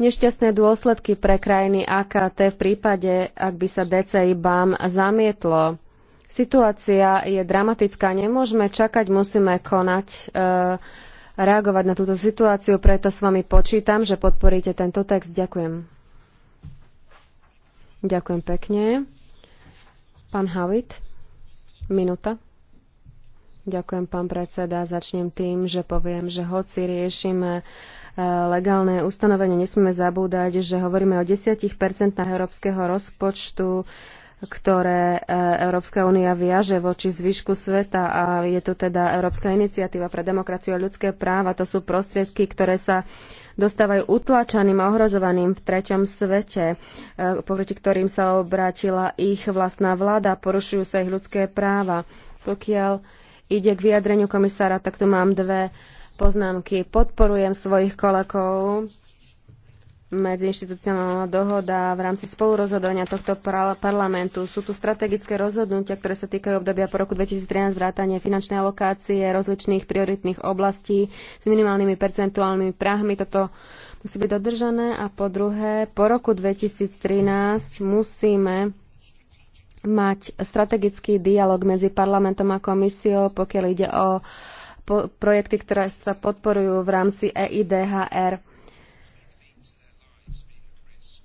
nešťastné dôsledky pre krajiny AKT v prípade, ak by sa DCI BAM zamietlo. Situácia je dramatická, nemôžeme čakať, musíme konať. E, reagovať na túto situáciu, preto s vami počítam, že podporíte tento text. Ďakujem. Ďakujem pekne. Pán Havit, minúta. Ďakujem, pán predseda. Začnem tým, že poviem, že hoci riešime e, legálne ustanovenie, nesmieme zabúdať, že hovoríme o 10% európskeho rozpočtu ktoré e, Európska únia viaže voči zvyšku sveta a je to teda Európska iniciatíva pre demokraciu a ľudské práva. To sú prostriedky, ktoré sa dostávajú utlačaným a ohrozovaným v treťom svete, e, proti ktorým sa obrátila ich vlastná vláda, porušujú sa ich ľudské práva. Pokiaľ ide k vyjadreniu komisára, tak tu mám dve poznámky. Podporujem svojich kolegov medziinstitucionálna dohoda v rámci spolurozhodovania tohto parlamentu. Sú tu strategické rozhodnutia, ktoré sa týkajú obdobia po roku 2013 vrátanie finančnej alokácie rozličných prioritných oblastí s minimálnymi percentuálnymi prahmi. Toto musí byť dodržané. A po druhé, po roku 2013 musíme mať strategický dialog medzi parlamentom a komisiou, pokiaľ ide o projekty, ktoré sa podporujú v rámci EIDHR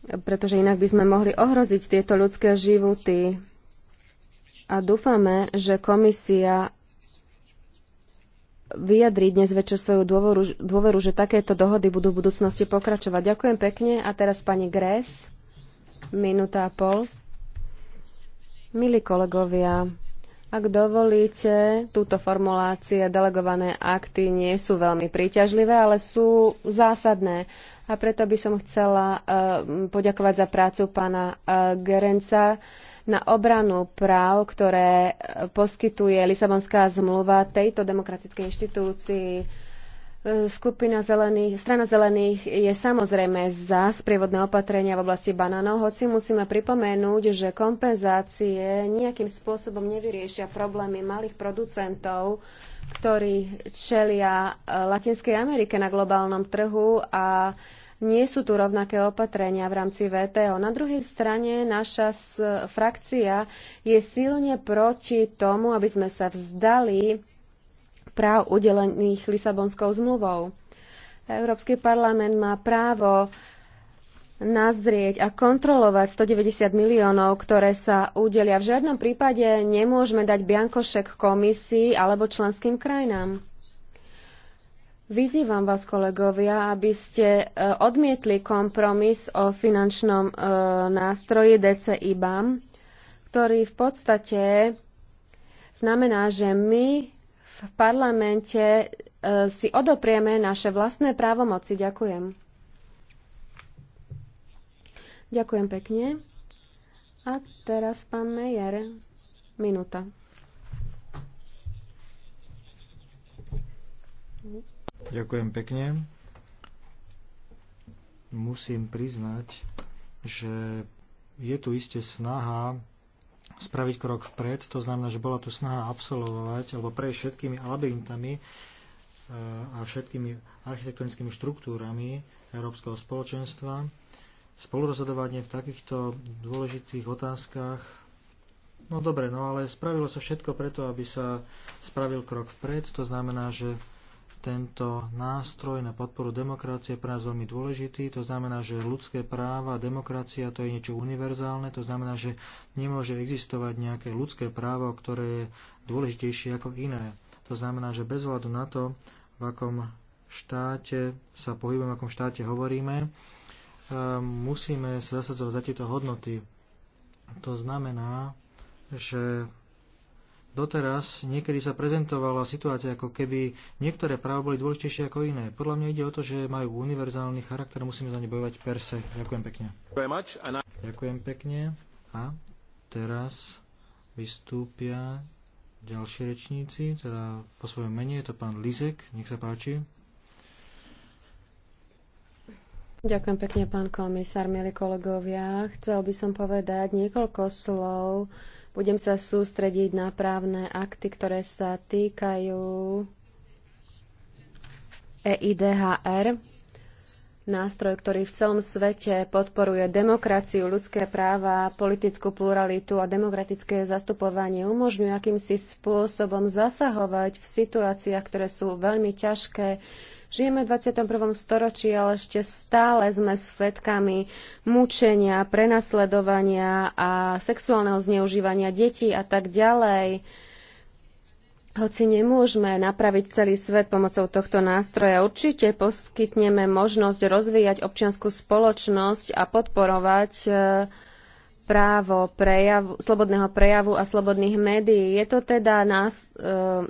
pretože inak by sme mohli ohroziť tieto ľudské životy. A dúfame, že komisia vyjadri dnes večer svoju dôveru, dôveru, že takéto dohody budú v budúcnosti pokračovať. Ďakujem pekne. A teraz pani Gres, minúta a pol. Milí kolegovia, ak dovolíte, túto formulácie delegované akty nie sú veľmi príťažlivé, ale sú zásadné. A preto by som chcela eh, poďakovať za prácu pána eh, Gerenca na obranu práv, ktoré eh, poskytuje Lisabonská zmluva tejto demokratickej inštitúcii Skupina zelených, strana zelených je samozrejme za sprievodné opatrenia v oblasti banánov, hoci musíme pripomenúť, že kompenzácie nejakým spôsobom nevyriešia problémy malých producentov, ktorí čelia e, Latinskej Amerike na globálnom trhu a nie sú tu rovnaké opatrenia v rámci VTO. Na druhej strane naša frakcia je silne proti tomu, aby sme sa vzdali práv udelených Lisabonskou zmluvou. Európsky parlament má právo nazrieť a kontrolovať 190 miliónov, ktoré sa udelia. V žiadnom prípade nemôžeme dať biankošek komisii alebo členským krajinám. Vyzývam vás, kolegovia, aby ste e, odmietli kompromis o finančnom e, nástroji DCI BAM, ktorý v podstate znamená, že my v parlamente e, si odoprieme naše vlastné právomoci. Ďakujem. Ďakujem pekne. A teraz pán Mejer. Minúta. Ďakujem pekne. Musím priznať, že je tu iste snaha spraviť krok vpred. To znamená, že bola tu snaha absolvovať alebo prejsť všetkými labyrintami e, a všetkými architektonickými štruktúrami Európskeho spoločenstva. Spolurozhodovanie v takýchto dôležitých otázkach No dobre, no ale spravilo sa všetko preto, aby sa spravil krok vpred. To znamená, že tento nástroj na podporu demokracie je pre nás veľmi dôležitý. To znamená, že ľudské práva, a demokracia to je niečo univerzálne. To znamená, že nemôže existovať nejaké ľudské právo, ktoré je dôležitejšie ako iné. To znamená, že bez hľadu na to, v akom štáte sa pohybujeme, v akom štáte hovoríme, e, musíme sa zasadzovať za tieto hodnoty. To znamená, že Doteraz niekedy sa prezentovala situácia, ako keby niektoré práva boli dôležitejšie ako iné. Podľa mňa ide o to, že majú univerzálny charakter, musíme za ne bojovať per se. Ďakujem pekne. Ďakujem pekne. A teraz vystúpia ďalší rečníci, teda po svojom mene je to pán Lizek, nech sa páči. Ďakujem pekne, pán komisár, milí kolegovia. Chcel by som povedať niekoľko slov budem sa sústrediť na právne akty, ktoré sa týkajú EIDHR, nástroj, ktorý v celom svete podporuje demokraciu, ľudské práva, politickú pluralitu a demokratické zastupovanie, umožňuje akýmsi spôsobom zasahovať v situáciách, ktoré sú veľmi ťažké Žijeme v 21. storočí, ale ešte stále sme svetkami mučenia, prenasledovania a sexuálneho zneužívania detí a tak ďalej. Hoci nemôžeme napraviť celý svet pomocou tohto nástroja, určite poskytneme možnosť rozvíjať občianskú spoločnosť a podporovať e, právo prejavu, slobodného prejavu a slobodných médií. Je to teda nás, e,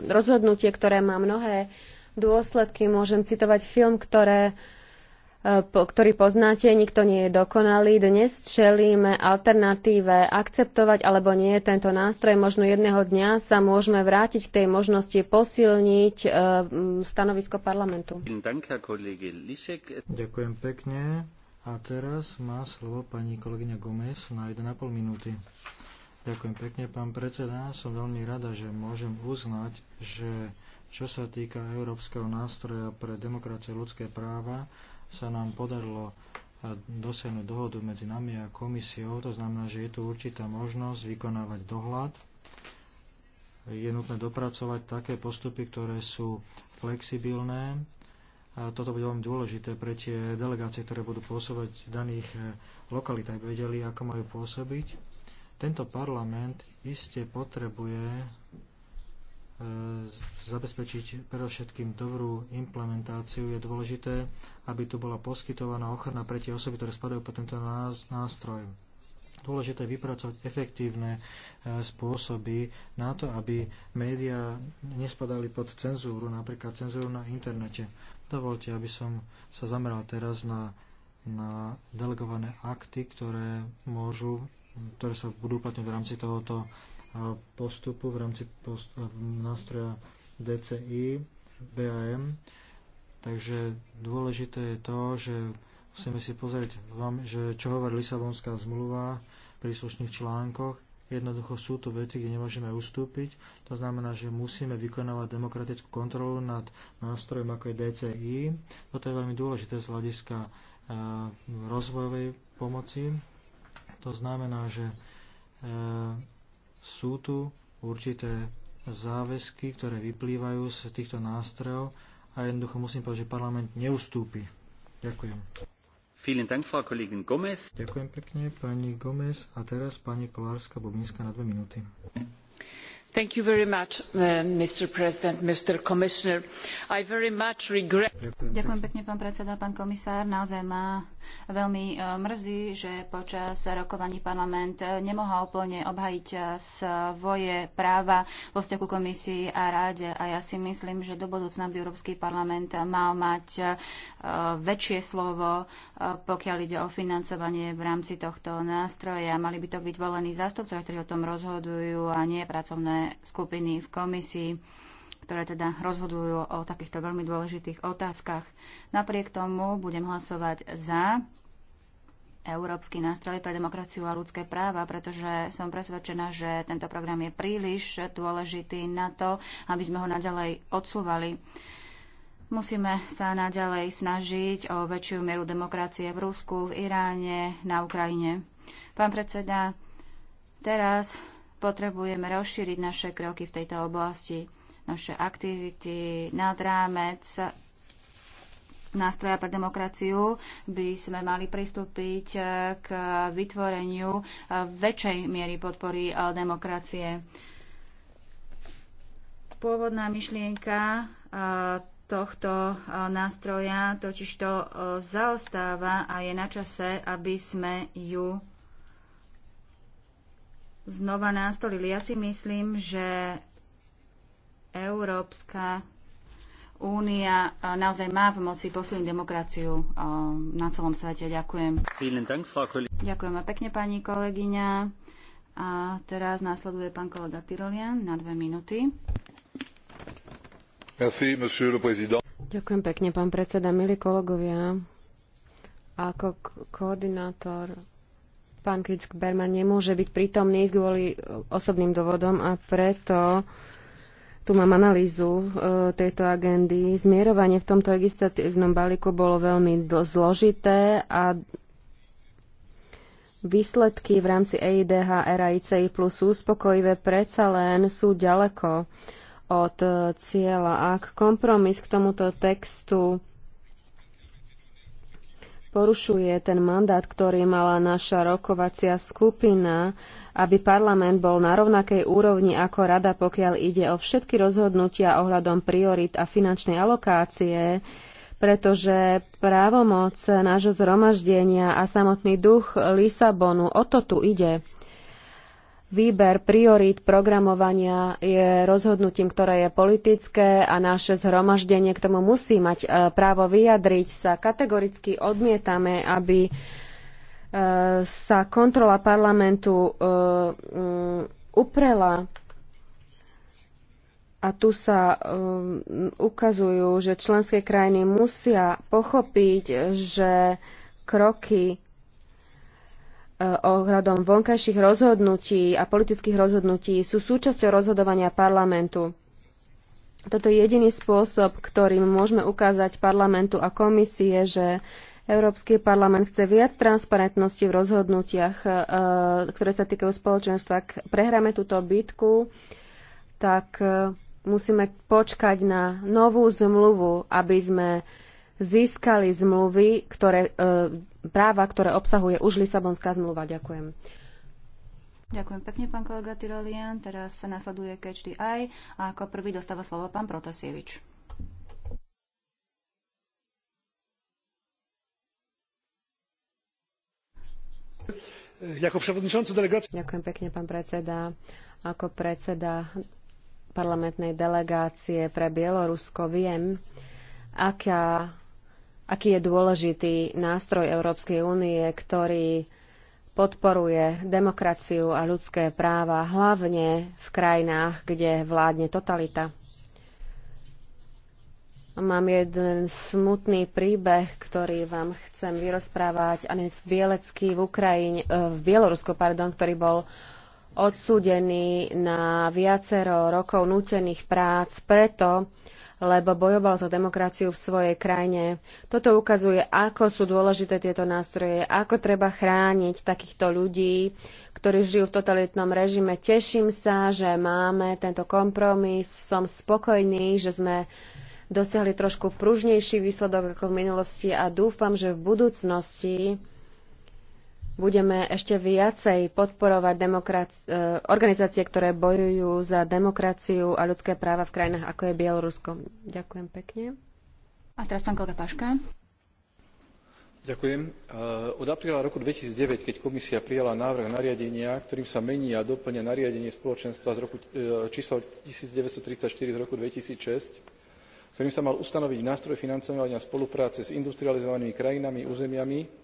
rozhodnutie, ktoré má mnohé dôsledky. Môžem citovať film, ktoré, e, ktorý poznáte, nikto nie je dokonalý. Dnes čelíme alternatíve akceptovať alebo nie tento nástroj. Možno jedného dňa sa môžeme vrátiť k tej možnosti posilniť e, stanovisko parlamentu. Ďakujem pekne. A teraz má slovo pani kolegyňa Gomez na 1,5 minúty. Ďakujem pekne, pán predseda. Som veľmi rada, že môžem uznať, že čo sa týka Európskeho nástroja pre demokraciu a ľudské práva, sa nám podarilo e, dosiahnuť dohodu medzi nami a komisiou. To znamená, že je tu určitá možnosť vykonávať dohľad. Je nutné dopracovať také postupy, ktoré sú flexibilné. A toto bude veľmi dôležité pre tie delegácie, ktoré budú pôsobiť v daných e, lokalitách, vedeli, ako majú pôsobiť. Tento parlament iste potrebuje E, zabezpečiť predovšetkým dobrú implementáciu, je dôležité, aby tu bola poskytovaná ochrana pre tie osoby, ktoré spadajú pod tento nástroj. Dôležité je vypracovať efektívne e, spôsoby na to, aby médiá nespadali pod cenzúru, napríklad cenzúru na internete. Dovolte, aby som sa zameral teraz na, na delegované akty, ktoré môžu ktoré sa budú uplatňovať v rámci tohoto postupu v rámci post- nástroja DCI, BAM. Takže dôležité je to, že musíme si pozrieť, vám, že čo hovorí Lisabonská zmluva v príslušných článkoch. Jednoducho sú tu veci, kde nemôžeme ustúpiť. To znamená, že musíme vykonávať demokratickú kontrolu nad nástrojom ako je DCI. Toto je veľmi dôležité z hľadiska e, rozvojovej pomoci. To znamená, že e, sú tu určité záväzky, ktoré vyplývajú z týchto nástrojov a jednoducho musím povedať, že parlament neustúpi. Ďakujem. Ďakujem pekne, pani Gomez. A teraz pani Kolárska-Bobinská na dve minúty. Uh, Ďakujem pekne, pán predseda, pán komisár. Naozaj ma uh, veľmi uh, mrzí, že počas rokovaní parlament nemohol plne obhájiť svoje práva vo vzťahu komisii a ráde. A ja si myslím, že do budúcna by Európsky parlament mal mať väčšie slovo, pokiaľ ide o financovanie v rámci tohto nástroja. Mali by to byť volení zástupcovia, ktorí o tom rozhodujú a nie pracovné skupiny v komisii, ktoré teda rozhodujú o takýchto veľmi dôležitých otázkach. Napriek tomu budem hlasovať za Európsky nástroj pre demokraciu a ľudské práva, pretože som presvedčená, že tento program je príliš dôležitý na to, aby sme ho naďalej odsúvali. Musíme sa naďalej snažiť o väčšiu mieru demokracie v Rusku, v Iráne, na Ukrajine. Pán predseda, teraz Potrebujeme rozšíriť naše kroky v tejto oblasti, naše aktivity nad rámec nástroja pre demokraciu by sme mali pristúpiť eh, k vytvoreniu eh, väčšej miery podpory eh, demokracie. Pôvodná myšlienka tohto nástroja totiž to zaostáva a je na čase, aby sme ju znova nastolili. Ja si myslím, že Európska únia eh, naozaj má v moci posilniť demokraciu eh, na celom svete. Ďakujem. a pekne, pani kolegyňa. A teraz následuje pán kolega Tyrolian na dve minúty. Merci, Ďakujem pekne, pán predseda. Milí kolegovia, ako koordinátor Pán Kritsk Berman nemôže byť prítomný kvôli e, osobným dôvodom a preto tu mám analýzu e, tejto agendy. Zmierovanie v tomto legislatívnom balíku bolo veľmi zložité a výsledky v rámci EIDH RAICI plus sú spokojivé, predsa len sú ďaleko od e, cieľa. Ak kompromis k tomuto textu porušuje ten mandát, ktorý mala naša rokovacia skupina, aby parlament bol na rovnakej úrovni ako rada, pokiaľ ide o všetky rozhodnutia ohľadom priorit a finančnej alokácie, pretože právomoc nášho zhromaždenia a samotný duch Lisabonu, o to tu ide. Výber priorít programovania je rozhodnutím, ktoré je politické a naše zhromaždenie k tomu musí mať e, právo vyjadriť sa. Kategoricky odmietame, aby e, sa kontrola parlamentu e, mm, uprela a tu sa mm, ukazujú, že členské krajiny musia pochopiť, že kroky Eh, ohľadom vonkajších rozhodnutí a politických rozhodnutí sú súčasťou rozhodovania parlamentu. Toto je jediný spôsob, ktorým môžeme ukázať parlamentu a komisie, že Európsky parlament chce viac transparentnosti v rozhodnutiach, eh, ktoré sa týkajú spoločenstva. Ak prehráme túto bitku, tak eh, musíme počkať na novú zmluvu, aby sme získali zmluvy, ktoré práva, ktoré obsahuje už Lisabonská zmluva. Ďakujem. Ďakujem pekne, pán kolega Tyrolian. Teraz sa nasleduje Catch the Eye a ako prvý dostáva slovo pán Protasievič. Ďakujem pekne, pán predseda. Ako predseda parlamentnej delegácie pre Bielorusko viem, aká aký je dôležitý nástroj Európskej únie, ktorý podporuje demokraciu a ľudské práva, hlavne v krajinách, kde vládne totalita. Mám jeden smutný príbeh, ktorý vám chcem vyrozprávať. Anec Bielecký v, Ukrajine, eh, v Bielorusku, pardon, ktorý bol odsúdený na viacero rokov nútených prác preto, lebo bojoval za demokraciu v svojej krajine. Toto ukazuje, ako sú dôležité tieto nástroje, ako treba chrániť takýchto ľudí, ktorí žijú v totalitnom režime. Teším sa, že máme tento kompromis. Som spokojný, že sme dosiahli trošku pružnejší výsledok ako v minulosti a dúfam, že v budúcnosti budeme ešte viacej podporovať e, organizácie, ktoré bojujú za demokraciu a ľudské práva v krajinách, ako je Bielorusko. Ďakujem pekne. A teraz pán kolega Paška. Ďakujem. E, od apríla roku 2009, keď komisia prijala návrh nariadenia, ktorým sa mení a doplňa nariadenie spoločenstva z roku, e, číslo 1934 z roku 2006, ktorým sa mal ustanoviť nástroj financovania spolupráce s industrializovanými krajinami, územiami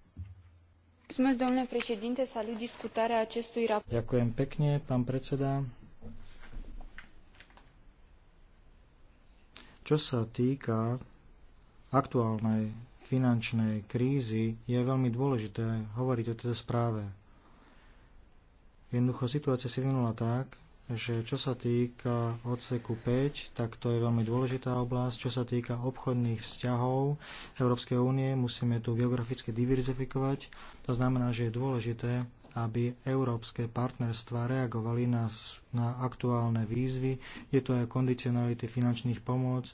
Salut discutarea acestui raport. Ďakujem pekne, pán predseda. Čo sa týka aktuálnej finančnej krízy, je veľmi dôležité hovoriť o tejto správe. Jednoducho situácia si vyvinula tak, že čo sa týka odseku 5, tak to je veľmi dôležitá oblasť. Čo sa týka obchodných vzťahov Európskej únie, musíme tu geograficky diverzifikovať. To znamená, že je dôležité, aby európske partnerstva reagovali na, na aktuálne výzvy. Je to aj kondicionality finančných pomôc,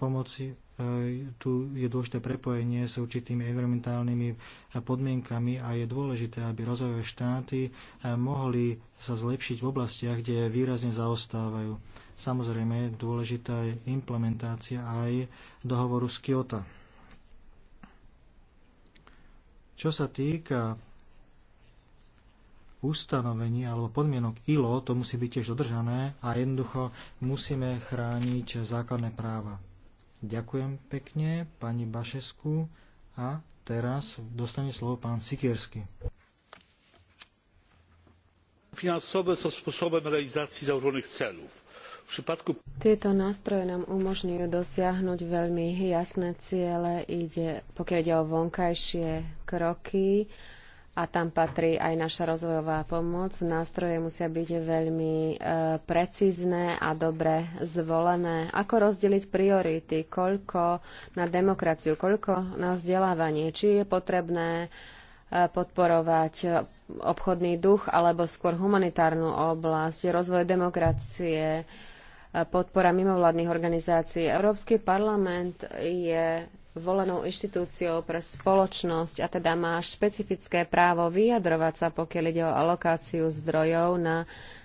pomoci e, tu je dôležité prepojenie s určitými environmentálnymi podmienkami a je dôležité, aby rozvojové štáty e, mohli sa zlepšiť v oblastiach, kde výrazne zaostávajú. Samozrejme, dôležitá je implementácia aj dohovoru z Kyoto. Čo sa týka ustanovení alebo podmienok ILO, to musí byť tiež dodržané a jednoducho musíme chrániť základné práva. Ďakujem pekne pani Bašesku a teraz dostane slovo pán Sikierski. Finansové sú sposobem realizacji założonych celów. V Tieto nástroje nám umožňujú dosiahnuť veľmi jasné ciele, ide, pokiaľ ide o vonkajšie kroky, a tam patrí aj naša rozvojová pomoc. Nástroje musia byť veľmi e, precízne a dobre zvolené. Ako rozdeliť priority, koľko na demokraciu, koľko na vzdelávanie, či je potrebné e, podporovať obchodný duch alebo skôr humanitárnu oblasť, rozvoj demokracie, e, podpora mimovládnych organizácií. Európsky parlament je volenou inštitúciou pre spoločnosť a teda má špecifické právo vyjadrovať sa, pokiaľ ide o alokáciu zdrojov na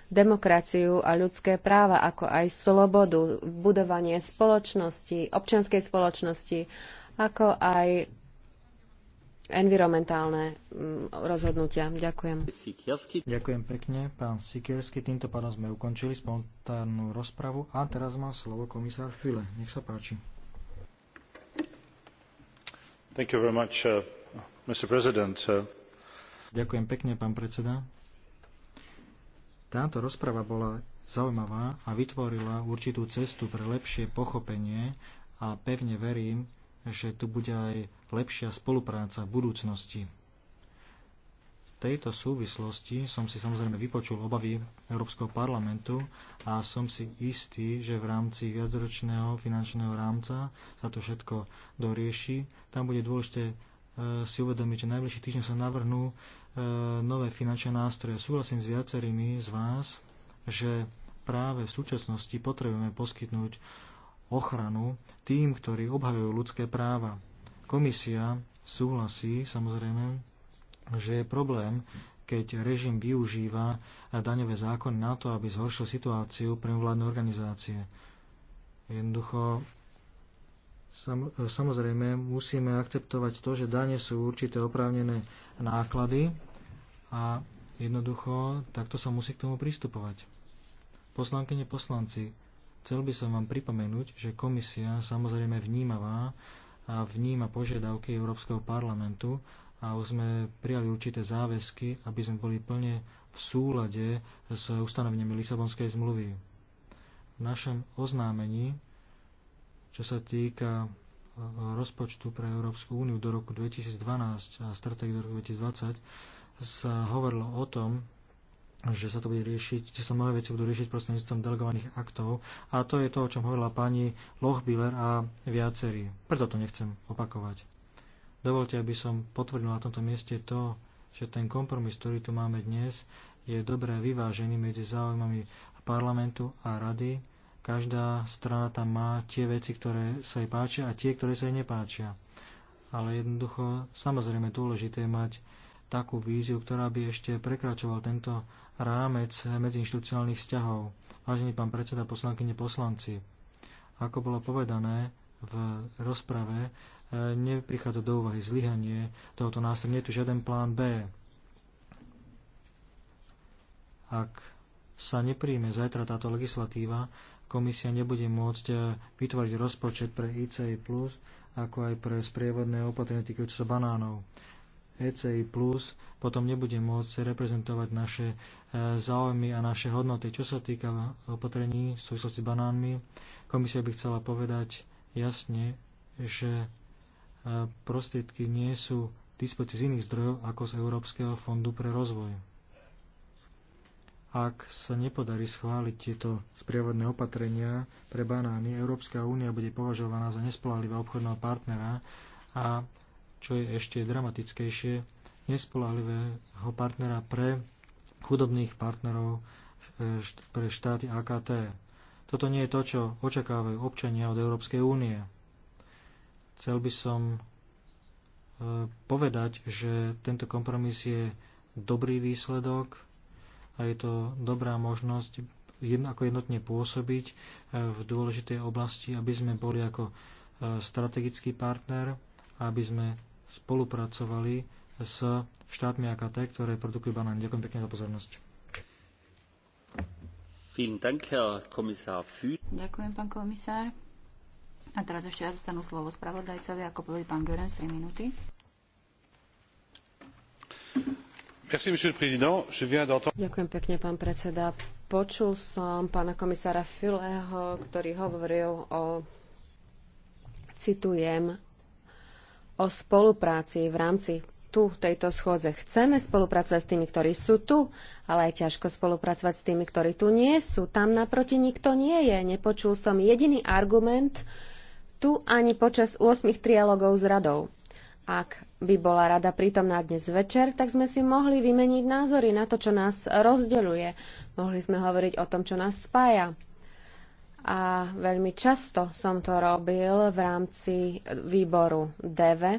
demokraciu a ľudské práva, ako aj slobodu, budovanie spoločnosti, občianskej spoločnosti, ako aj environmentálne mm, rozhodnutia. Ďakujem. Ďakujem pekne, pán Sikersky. Týmto pádom sme ukončili spontánnu rozpravu a teraz má slovo komisár File. Nech sa páči. Uh, uh. Ďakujem pekne, pán predseda. Táto rozprava bola zaujímavá a vytvorila určitú cestu pre lepšie pochopenie a pevne verím, že tu bude aj lepšia spolupráca v budúcnosti tejto súvislosti som si samozrejme vypočul obavy Európskeho parlamentu a som si istý, že v rámci viacročného finančného rámca sa to všetko dorieši. Tam bude dôležité e, si uvedomiť, že najbližší týždeň sa navrhnú e, nové finančné nástroje. Súhlasím s viacerými z vás, že práve v súčasnosti potrebujeme poskytnúť ochranu tým, ktorí obhajujú ľudské práva. Komisia súhlasí samozrejme že je problém, keď režim využíva daňové zákony na to, aby zhoršil situáciu pre vládne organizácie. Jednoducho, sam, samozrejme, musíme akceptovať to, že dane sú určité oprávnené náklady a jednoducho takto sa musí k tomu pristupovať. Poslankyne poslanci, chcel by som vám pripomenúť, že komisia samozrejme vnímavá a vníma požiadavky Európskeho parlamentu a už sme prijali určité záväzky, aby sme boli plne v súlade s ustanoveniami Lisabonskej zmluvy. V našom oznámení, čo sa týka e, rozpočtu pre Európsku úniu do roku 2012 a stratégiu do roku 2020, sa hovorilo o tom, že sa to bude riešiť, že sa mnohé veci budú riešiť prostredníctvom delegovaných aktov a to je to, o čom hovorila pani Lochbiller a viacerí. Preto to nechcem opakovať. Dovolte, aby som potvrdil na tomto mieste to, že ten kompromis, ktorý tu máme dnes, je dobre vyvážený medzi záujmami parlamentu a rady. Každá strana tam má tie veci, ktoré sa jej páčia a tie, ktoré sa jej nepáčia. Ale jednoducho, samozrejme, dôležité je mať takú víziu, ktorá by ešte prekračoval tento rámec medziinstitucionálnych vzťahov. Vážený pán predseda, poslankyne, poslanci, ako bolo povedané v rozprave, neprichádza do úvahy zlyhanie tohoto nástroja. Nie je tu žiaden plán B. Ak sa nepríjme zajtra táto legislatíva, komisia nebude môcť eh, vytvoriť rozpočet pre ICI+, ako aj pre sprievodné opatrenie týkajúce sa banánov. ECI Plus potom nebude môcť reprezentovať naše eh, záujmy a naše hodnoty. Čo sa týka opatrení v súvislosti s banánmi, komisia by chcela povedať jasne, že prostriedky nie sú dispozícii z iných zdrojov ako z Európskeho fondu pre rozvoj. Ak sa nepodarí schváliť tieto sprievodné opatrenia pre banány, Európska únia bude považovaná za nespolahlivého obchodného partnera a, čo je ešte dramatickejšie, nespolahlivého partnera pre chudobných partnerov e, pre štáty AKT. Toto nie je to, čo očakávajú občania od Európskej únie. Chcel by som e, povedať, že tento kompromis je dobrý výsledok a je to dobrá možnosť ako jednotne pôsobiť e, v dôležitej oblasti, aby sme boli ako e, strategický partner, a aby sme spolupracovali s štátmi AKT, ktoré produkujú banány. Ďakujem pekne za pozornosť. Ďakujem, pán komisár. A teraz ešte raz dostanú slovo spravodajcovi, ako povedal pán Görens, 3 minúty. Merci, monsieur le président. Je viens d'entendre... Ďakujem pekne, pán predseda. Počul som pána komisára Fileho, ktorý hovoril o, citujem, o spolupráci v rámci tu tejto schôdze. Chceme spolupracovať s tými, ktorí sú tu, ale je ťažko spolupracovať s tými, ktorí tu nie sú. Tam naproti nikto nie je. Nepočul som jediný argument, tu ani počas 8 trialogov s radou. Ak by bola rada prítomná dnes večer, tak sme si mohli vymeniť názory na to, čo nás rozdeľuje. Mohli sme hovoriť o tom, čo nás spája. A veľmi často som to robil v rámci výboru DV.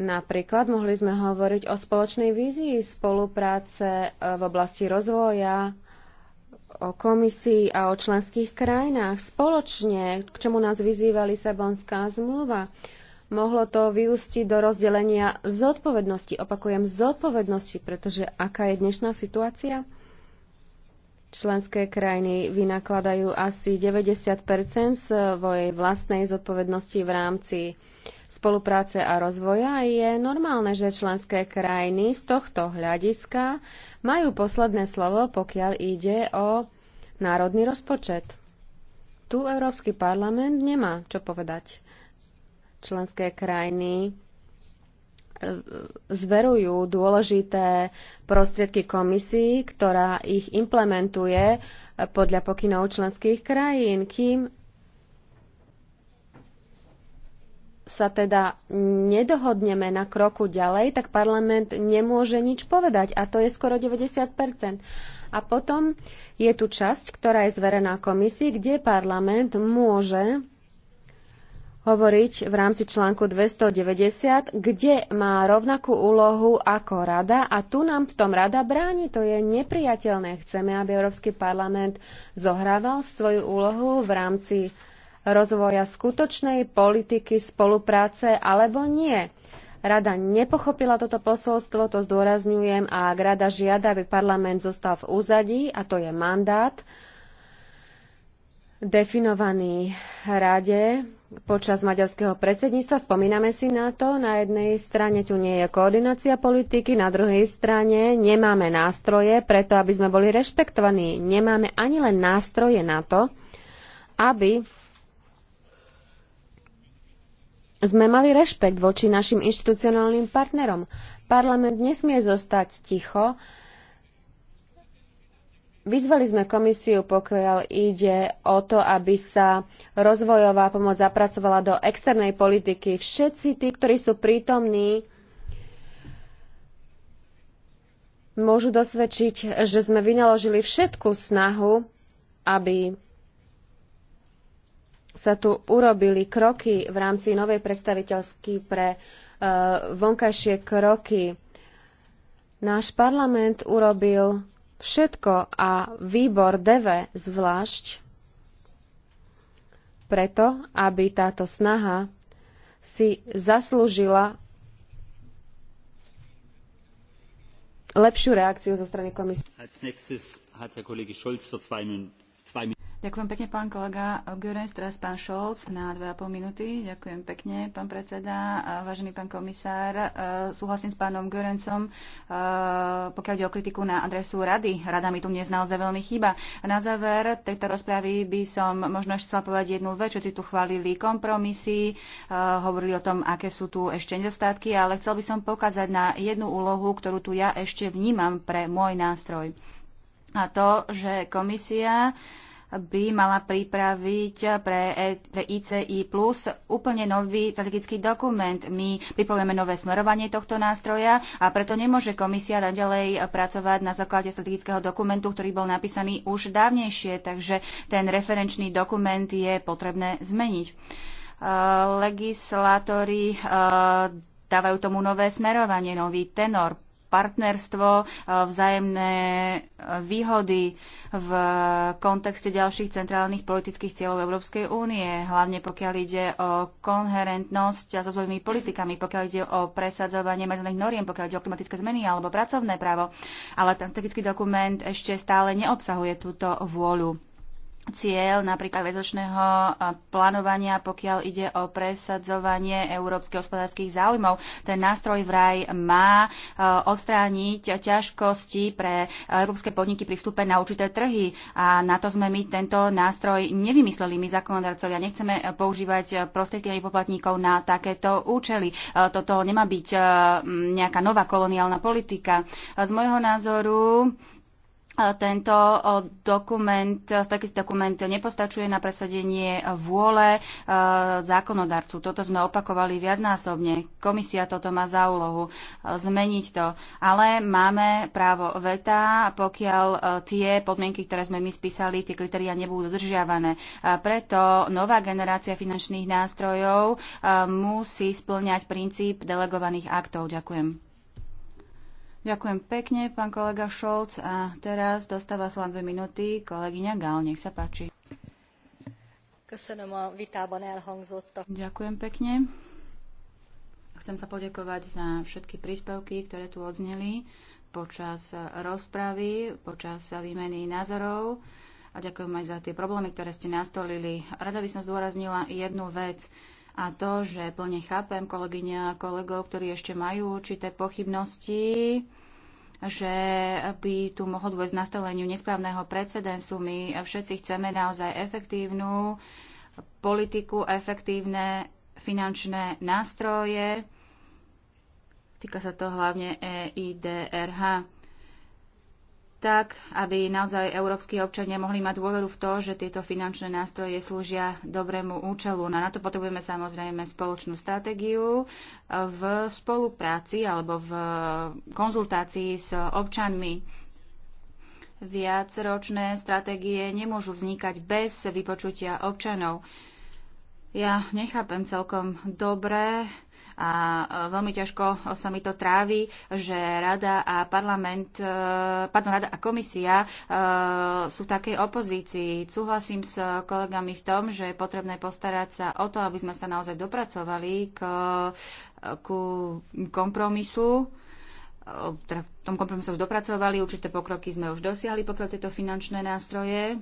Napríklad mohli sme hovoriť o spoločnej vízii spolupráce v oblasti rozvoja, o komisii a o členských krajinách spoločne, k čomu nás vyzýva Lisabonská zmluva. Mohlo to vyústiť do rozdelenia zodpovednosti, opakujem zodpovednosti, pretože aká je dnešná situácia? Členské krajiny vynakladajú asi 90 svojej vlastnej zodpovednosti v rámci uh, spolupráce a rozvoja, je normálne, že členské krajiny z tohto hľadiska majú posledné slovo, pokiaľ ide o národný rozpočet. Tu Európsky parlament nemá čo povedať. Členské krajiny e, zverujú dôležité prostriedky komisii, ktorá ich implementuje podľa pokynov členských krajín, kým sa teda nedohodneme na kroku ďalej, tak parlament nemôže nič povedať a to je skoro 90 A potom je tu časť, ktorá je zverená komisii, kde parlament môže hovoriť v rámci článku 290, kde má rovnakú úlohu ako rada a tu nám v tom rada bráni. To je nepriateľné. Chceme, aby Európsky parlament zohrával svoju úlohu v rámci rozvoja skutočnej politiky spolupráce alebo nie. Rada nepochopila toto posolstvo, to zdôrazňujem, a ak rada žiada, aby parlament zostal v úzadí, a to je mandát, definovaný rade počas maďarského predsedníctva. Spomíname si na to. Na jednej strane tu nie je koordinácia politiky, na druhej strane nemáme nástroje, preto aby sme boli rešpektovaní. Nemáme ani len nástroje na to, aby sme mali rešpekt voči našim inštitucionálnym partnerom. Parlament nesmie zostať ticho. Vyzvali sme komisiu, pokiaľ ide o to, aby sa rozvojová pomoc zapracovala do externej politiky. Všetci tí, ktorí sú prítomní, môžu dosvedčiť, že sme vynaložili všetku snahu, aby sa tu urobili kroky v rámci novej predstaviteľsky pre e, vonkajšie kroky. Náš parlament urobil všetko a výbor DV zvlášť preto, aby táto snaha si zaslúžila lepšiu reakciu zo strany komisie. Ďakujem pekne, pán kolega Görens, teraz pán Šolc na 2,5 minúty. Ďakujem pekne, pán predseda, vážený pán komisár. E, súhlasím s pánom Görencom, e, pokiaľ ide o kritiku na adresu rady. Rada mi tu dnes naozaj veľmi chýba. Na záver tejto rozpravy by som možno ešte chcela povedať jednu vec, čo si tu chválili kompromisy, e, hovorili o tom, aké sú tu ešte nedostatky, ale chcel by som pokázať na jednu úlohu, ktorú tu ja ešte vnímam pre môj nástroj. A to, že komisia uh, by mala pripraviť pre, e, pre ICI plus úplne nový strategický dokument. My pripravujeme nové smerovanie tohto nástroja a preto nemôže komisia naďalej pracovať na základe strategického dokumentu, ktorý bol napísaný už dávnejšie, takže ten referenčný dokument je potrebné zmeniť. E, Legislatóri e, dávajú tomu nové smerovanie, nový tenor partnerstvo, e, vzájemné e, výhody v kontexte ďalších centrálnych politických cieľov Európskej únie, hlavne pokiaľ ide o konherentnosť so svojimi politikami, pokiaľ ide o presadzovanie medzinárodných noriem, pokiaľ ide o klimatické zmeny alebo pracovné právo. Ale ten strategický dokument ešte stále neobsahuje túto vôľu cieľ napríklad väzočného eh, plánovania, pokiaľ ide o presadzovanie európskych hospodárskych záujmov. Ten nástroj vraj má eh, odstrániť ťažkosti pre eh, európske podniky pri vstupe na určité trhy a na to sme my tento nástroj nevymysleli. My zákonodarcovia nechceme používať prostriedky poplatníkov na takéto účely. Toto nemá byť nejaká nová koloniálna politika. Z môjho názoru tento dokument, e, takýto dokument nepostačuje na presadenie vôle e, zákonodarcu. Toto sme opakovali viacnásobne. Komisia toto má za úlohu e, zmeniť to. Ale máme právo veta, pokiaľ tie podmienky, ktoré sme my spísali, tie kritéria nebudú dodržiavané. Preto nová generácia finančných nástrojov musí splňať princíp delegovaných aktov. Ďakujem. Ďakujem pekne, pán kolega Šolc. A teraz dostáva sa vám dve minúty kolegyňa Gál. Nech sa páči. Ďakujem pekne. Chcem sa poďakovať za všetky príspevky, ktoré tu odzneli počas rozpravy, počas výmeny názorov a ďakujem aj za tie problémy, ktoré ste nastolili. Rada by som zdôraznila jednu vec a to, že plne chápem kolegyňa a kolegov, ktorí ešte majú určité pochybnosti, že by tu mohlo dôjsť nastoleniu nesprávneho precedensu. My všetci chceme naozaj efektívnu politiku, efektívne finančné nástroje. Týka sa to hlavne EIDRH tak, aby naozaj európsky občania mohli mať dôveru v to, že tieto finančné nástroje slúžia dobrému účelu. No, na to potrebujeme samozrejme spoločnú stratégiu v spolupráci alebo v konzultácii s občanmi. Viacročné stratégie nemôžu vznikať bez vypočutia občanov. Ja nechápem celkom dobre, a e, veľmi ťažko sa mi to trávi, že rada a parlament, e, pardon, rada a komisia e, sú takej opozícii. Súhlasím s kolegami v tom, že je potrebné postarať sa o to, aby sme sa naozaj dopracovali k, ku kompromisu, teda v tom kompromisu už dopracovali, určité pokroky sme už dosiahli, pokiaľ tieto finančné nástroje.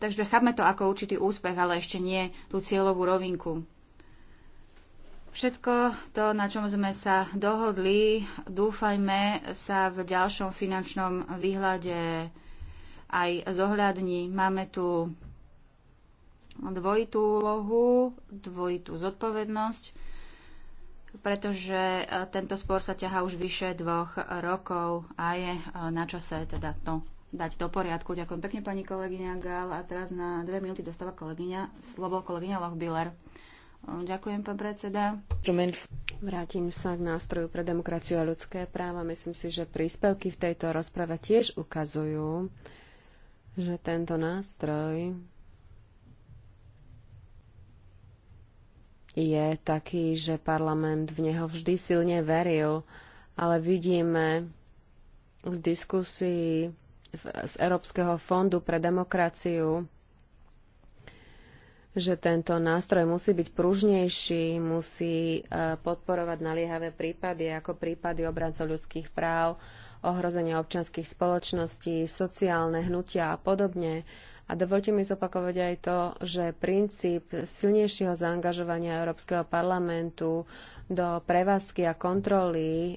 Takže chápme to ako určitý úspech, ale ešte nie tú cieľovú rovinku. Všetko to, na čom sme sa dohodli, dúfajme, sa v ďalšom finančnom výhľade aj zohľadní. Máme tu dvojitú úlohu, dvojitú zodpovednosť, pretože e, tento spor sa ťahá už vyše dvoch rokov a je e, na čase teda to dať do poriadku. Ďakujem pekne pani kolegyňa Gal a teraz na dve minúty dostáva kolegyňa, slovo kolegyňa Lochbiller. Ďakujem, pán predseda. Vrátim sa k nástroju pre demokraciu a ľudské práva. Myslím si, že príspevky v tejto rozprave tiež ukazujú, že tento nástroj je taký, že parlament v neho vždy silne veril, ale vidíme z diskusí z Európskeho fondu pre demokraciu, že tento nástroj musí byť pružnejší, musí e, podporovať naliehavé prípady ako prípady obrancov ľudských práv, ohrozenia občanských spoločností, sociálne hnutia a podobne. A dovolte mi zopakovať aj to, že princíp silnejšieho zaangažovania Európskeho parlamentu do prevádzky a kontroly e,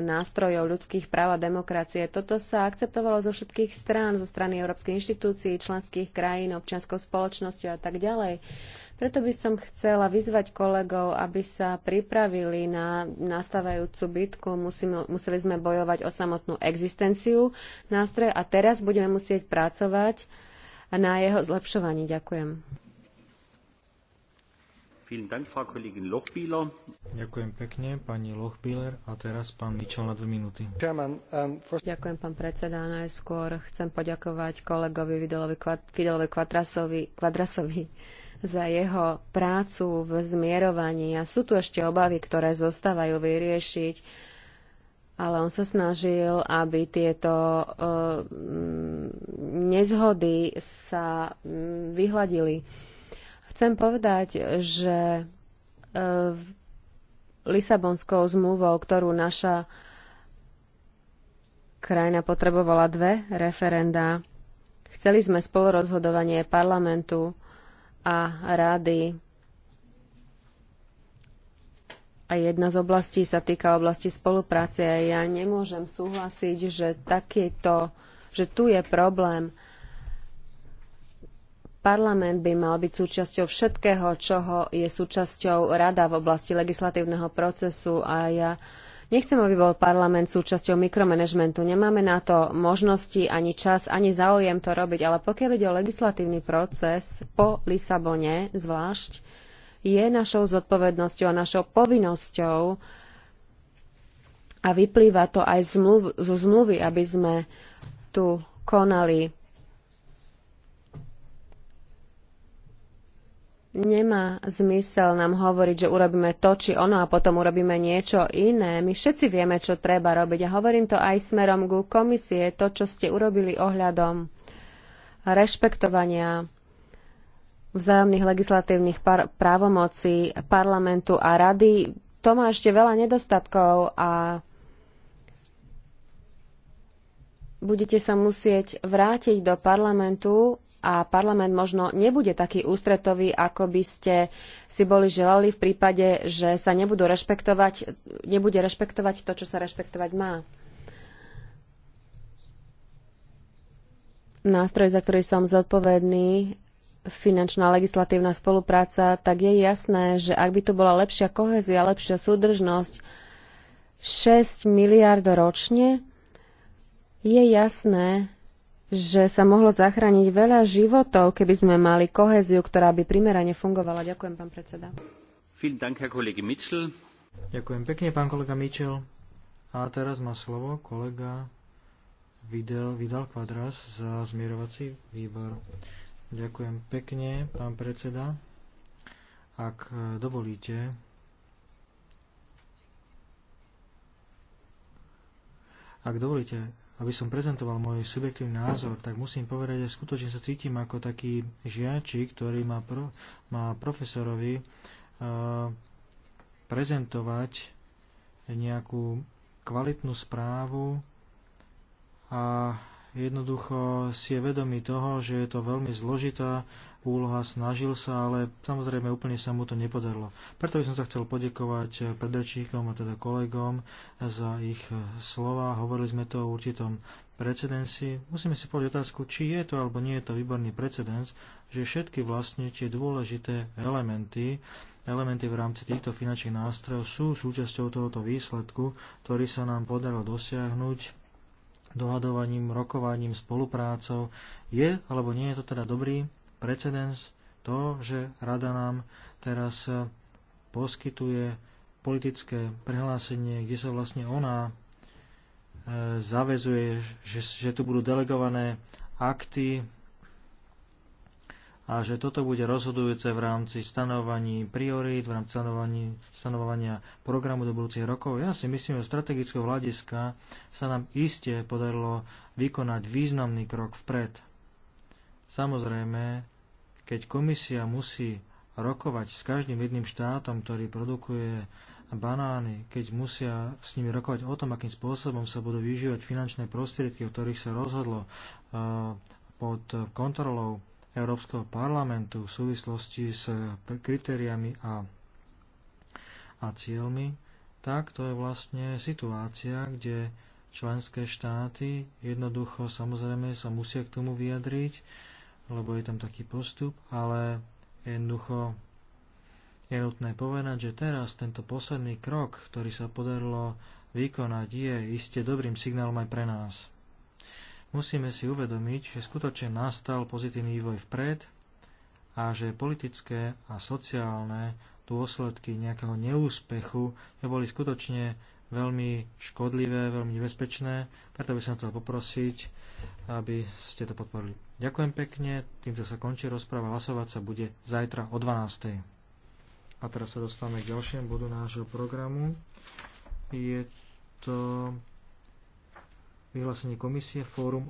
nástrojov ľudských práv a demokracie. Toto sa akceptovalo zo všetkých strán, zo strany Európskej inštitúcií, členských krajín, občianskou spoločnosťou a tak ďalej. Preto by som chcela vyzvať kolegov, aby sa pripravili na nastávajúcu bitku. museli sme bojovať o samotnú existenciu nástroja a teraz budeme musieť pracovať na jeho zlepšovaní. Ďakujem. Ďakujem pekne, pani Lochbiller. A teraz pán Mičel na dve minúty. Um, Ďakujem, pán predseda. Najskôr chcem poďakovať kolegovi Fidelovi Kvadrasovi, Kvadrasovi za jeho prácu v zmierovaní. A sú tu ešte obavy, ktoré zostávajú vyriešiť ale on sa snažil, aby tieto e, nezhody sa mm, vyhladili. Chcem povedať, že e, Lisabonskou zmluvou, ktorú naša krajina potrebovala dve referendá, chceli sme spolorozhodovanie parlamentu a rády. A jedna z oblastí sa týka oblasti spolupráce. Ja nemôžem súhlasiť, že, takýto, že tu je problém Parlament by mal byť súčasťou všetkého, čoho je súčasťou rada v oblasti legislatívneho procesu a ja nechcem, aby bol parlament súčasťou mikromanagementu. Nemáme na to možnosti, ani čas, ani záujem to robiť, ale pokiaľ ide o legislatívny proces po Lisabone zvlášť, je našou zodpovednosťou a našou povinnosťou a vyplýva to aj zmluv, zo zmluvy, aby sme tu konali Nemá zmysel nám hovoriť, že urobíme to či ono a potom urobíme niečo iné. My všetci vieme, čo treba robiť a hovorím to aj smerom ku komisie, to, čo ste urobili ohľadom rešpektovania vzájomných legislatívnych par- právomocí parlamentu a rady. To má ešte veľa nedostatkov a budete sa musieť vrátiť do parlamentu a parlament možno nebude taký ústretový, ako by ste si boli želali v prípade, že sa nebudú rešpektovať, nebude rešpektovať to, čo sa rešpektovať má. Nástroj, za ktorý som zodpovedný, finančná legislatívna spolupráca, tak je jasné, že ak by tu bola lepšia kohézia, lepšia súdržnosť, 6 miliard ročne, je jasné, že sa mohlo zachrániť veľa životov, keby sme mali kohéziu, ktorá by primerane fungovala. Ďakujem, pán predseda. Ďakujem pekne, pán kolega Mitchell. A teraz má slovo kolega Vidal, Vidal Quadras za zmierovací výbor. Ďakujem pekne, pán predseda. Ak e, dovolíte, ak dovolíte, aby som prezentoval môj subjektívny názor, tak musím povedať, že skutočne sa cítim ako taký žiačik, ktorý má, pro, má profesorovi uh, prezentovať nejakú kvalitnú správu a jednoducho si je vedomý toho, že je to veľmi zložitá úloha, snažil sa, ale samozrejme úplne sa mu to nepodarilo. Preto by som sa chcel podekovať predrečníkom a teda kolegom za ich slova. Hovorili sme to o určitom precedenci. Musíme si povedať otázku, či je to alebo nie je to výborný precedens, že všetky vlastne tie dôležité elementy, elementy v rámci týchto finančných nástrojov sú súčasťou tohoto výsledku, ktorý sa nám podarilo dosiahnuť dohadovaním, rokovaním, spoluprácou. Je alebo nie je to teda dobrý precedens to, že rada nám teraz eh, poskytuje politické prehlásenie, kde sa vlastne ona eh, zavezuje, že, že tu budú delegované akty a že toto bude rozhodujúce v rámci stanovaní priorít, v rámci stanovaní, stanovania programu do budúcich rokov. Ja si myslím, že strategického hľadiska sa nám iste podarilo vykonať významný krok vpred. Samozrejme, keď komisia musí rokovať s každým jedným štátom, ktorý produkuje banány, keď musia s nimi rokovať o tom, akým spôsobom sa budú vyžívať finančné prostriedky, o ktorých sa rozhodlo eh, pod kontrolou Európskeho parlamentu v súvislosti s kritériami a, a cieľmi, tak to je vlastne situácia, kde členské štáty jednoducho samozrejme sa musia k tomu vyjadriť, lebo je tam taký postup, ale jednoducho je nutné povedať, že teraz tento posledný krok, ktorý sa podarilo vykonať, je iste dobrým signálom aj pre nás. Musíme si uvedomiť, že skutočne nastal pozitívny vývoj vpred a že politické a sociálne dôsledky nejakého neúspechu boli skutočne veľmi škodlivé, veľmi nebezpečné, preto by som chcel poprosiť, aby ste to podporili. Ďakujem pekne, týmto sa končí rozpráva, hlasovať sa bude zajtra o 12.00. A teraz sa dostávame k ďalšiemu bodu nášho programu. Je to vyhlásenie komisie Fórum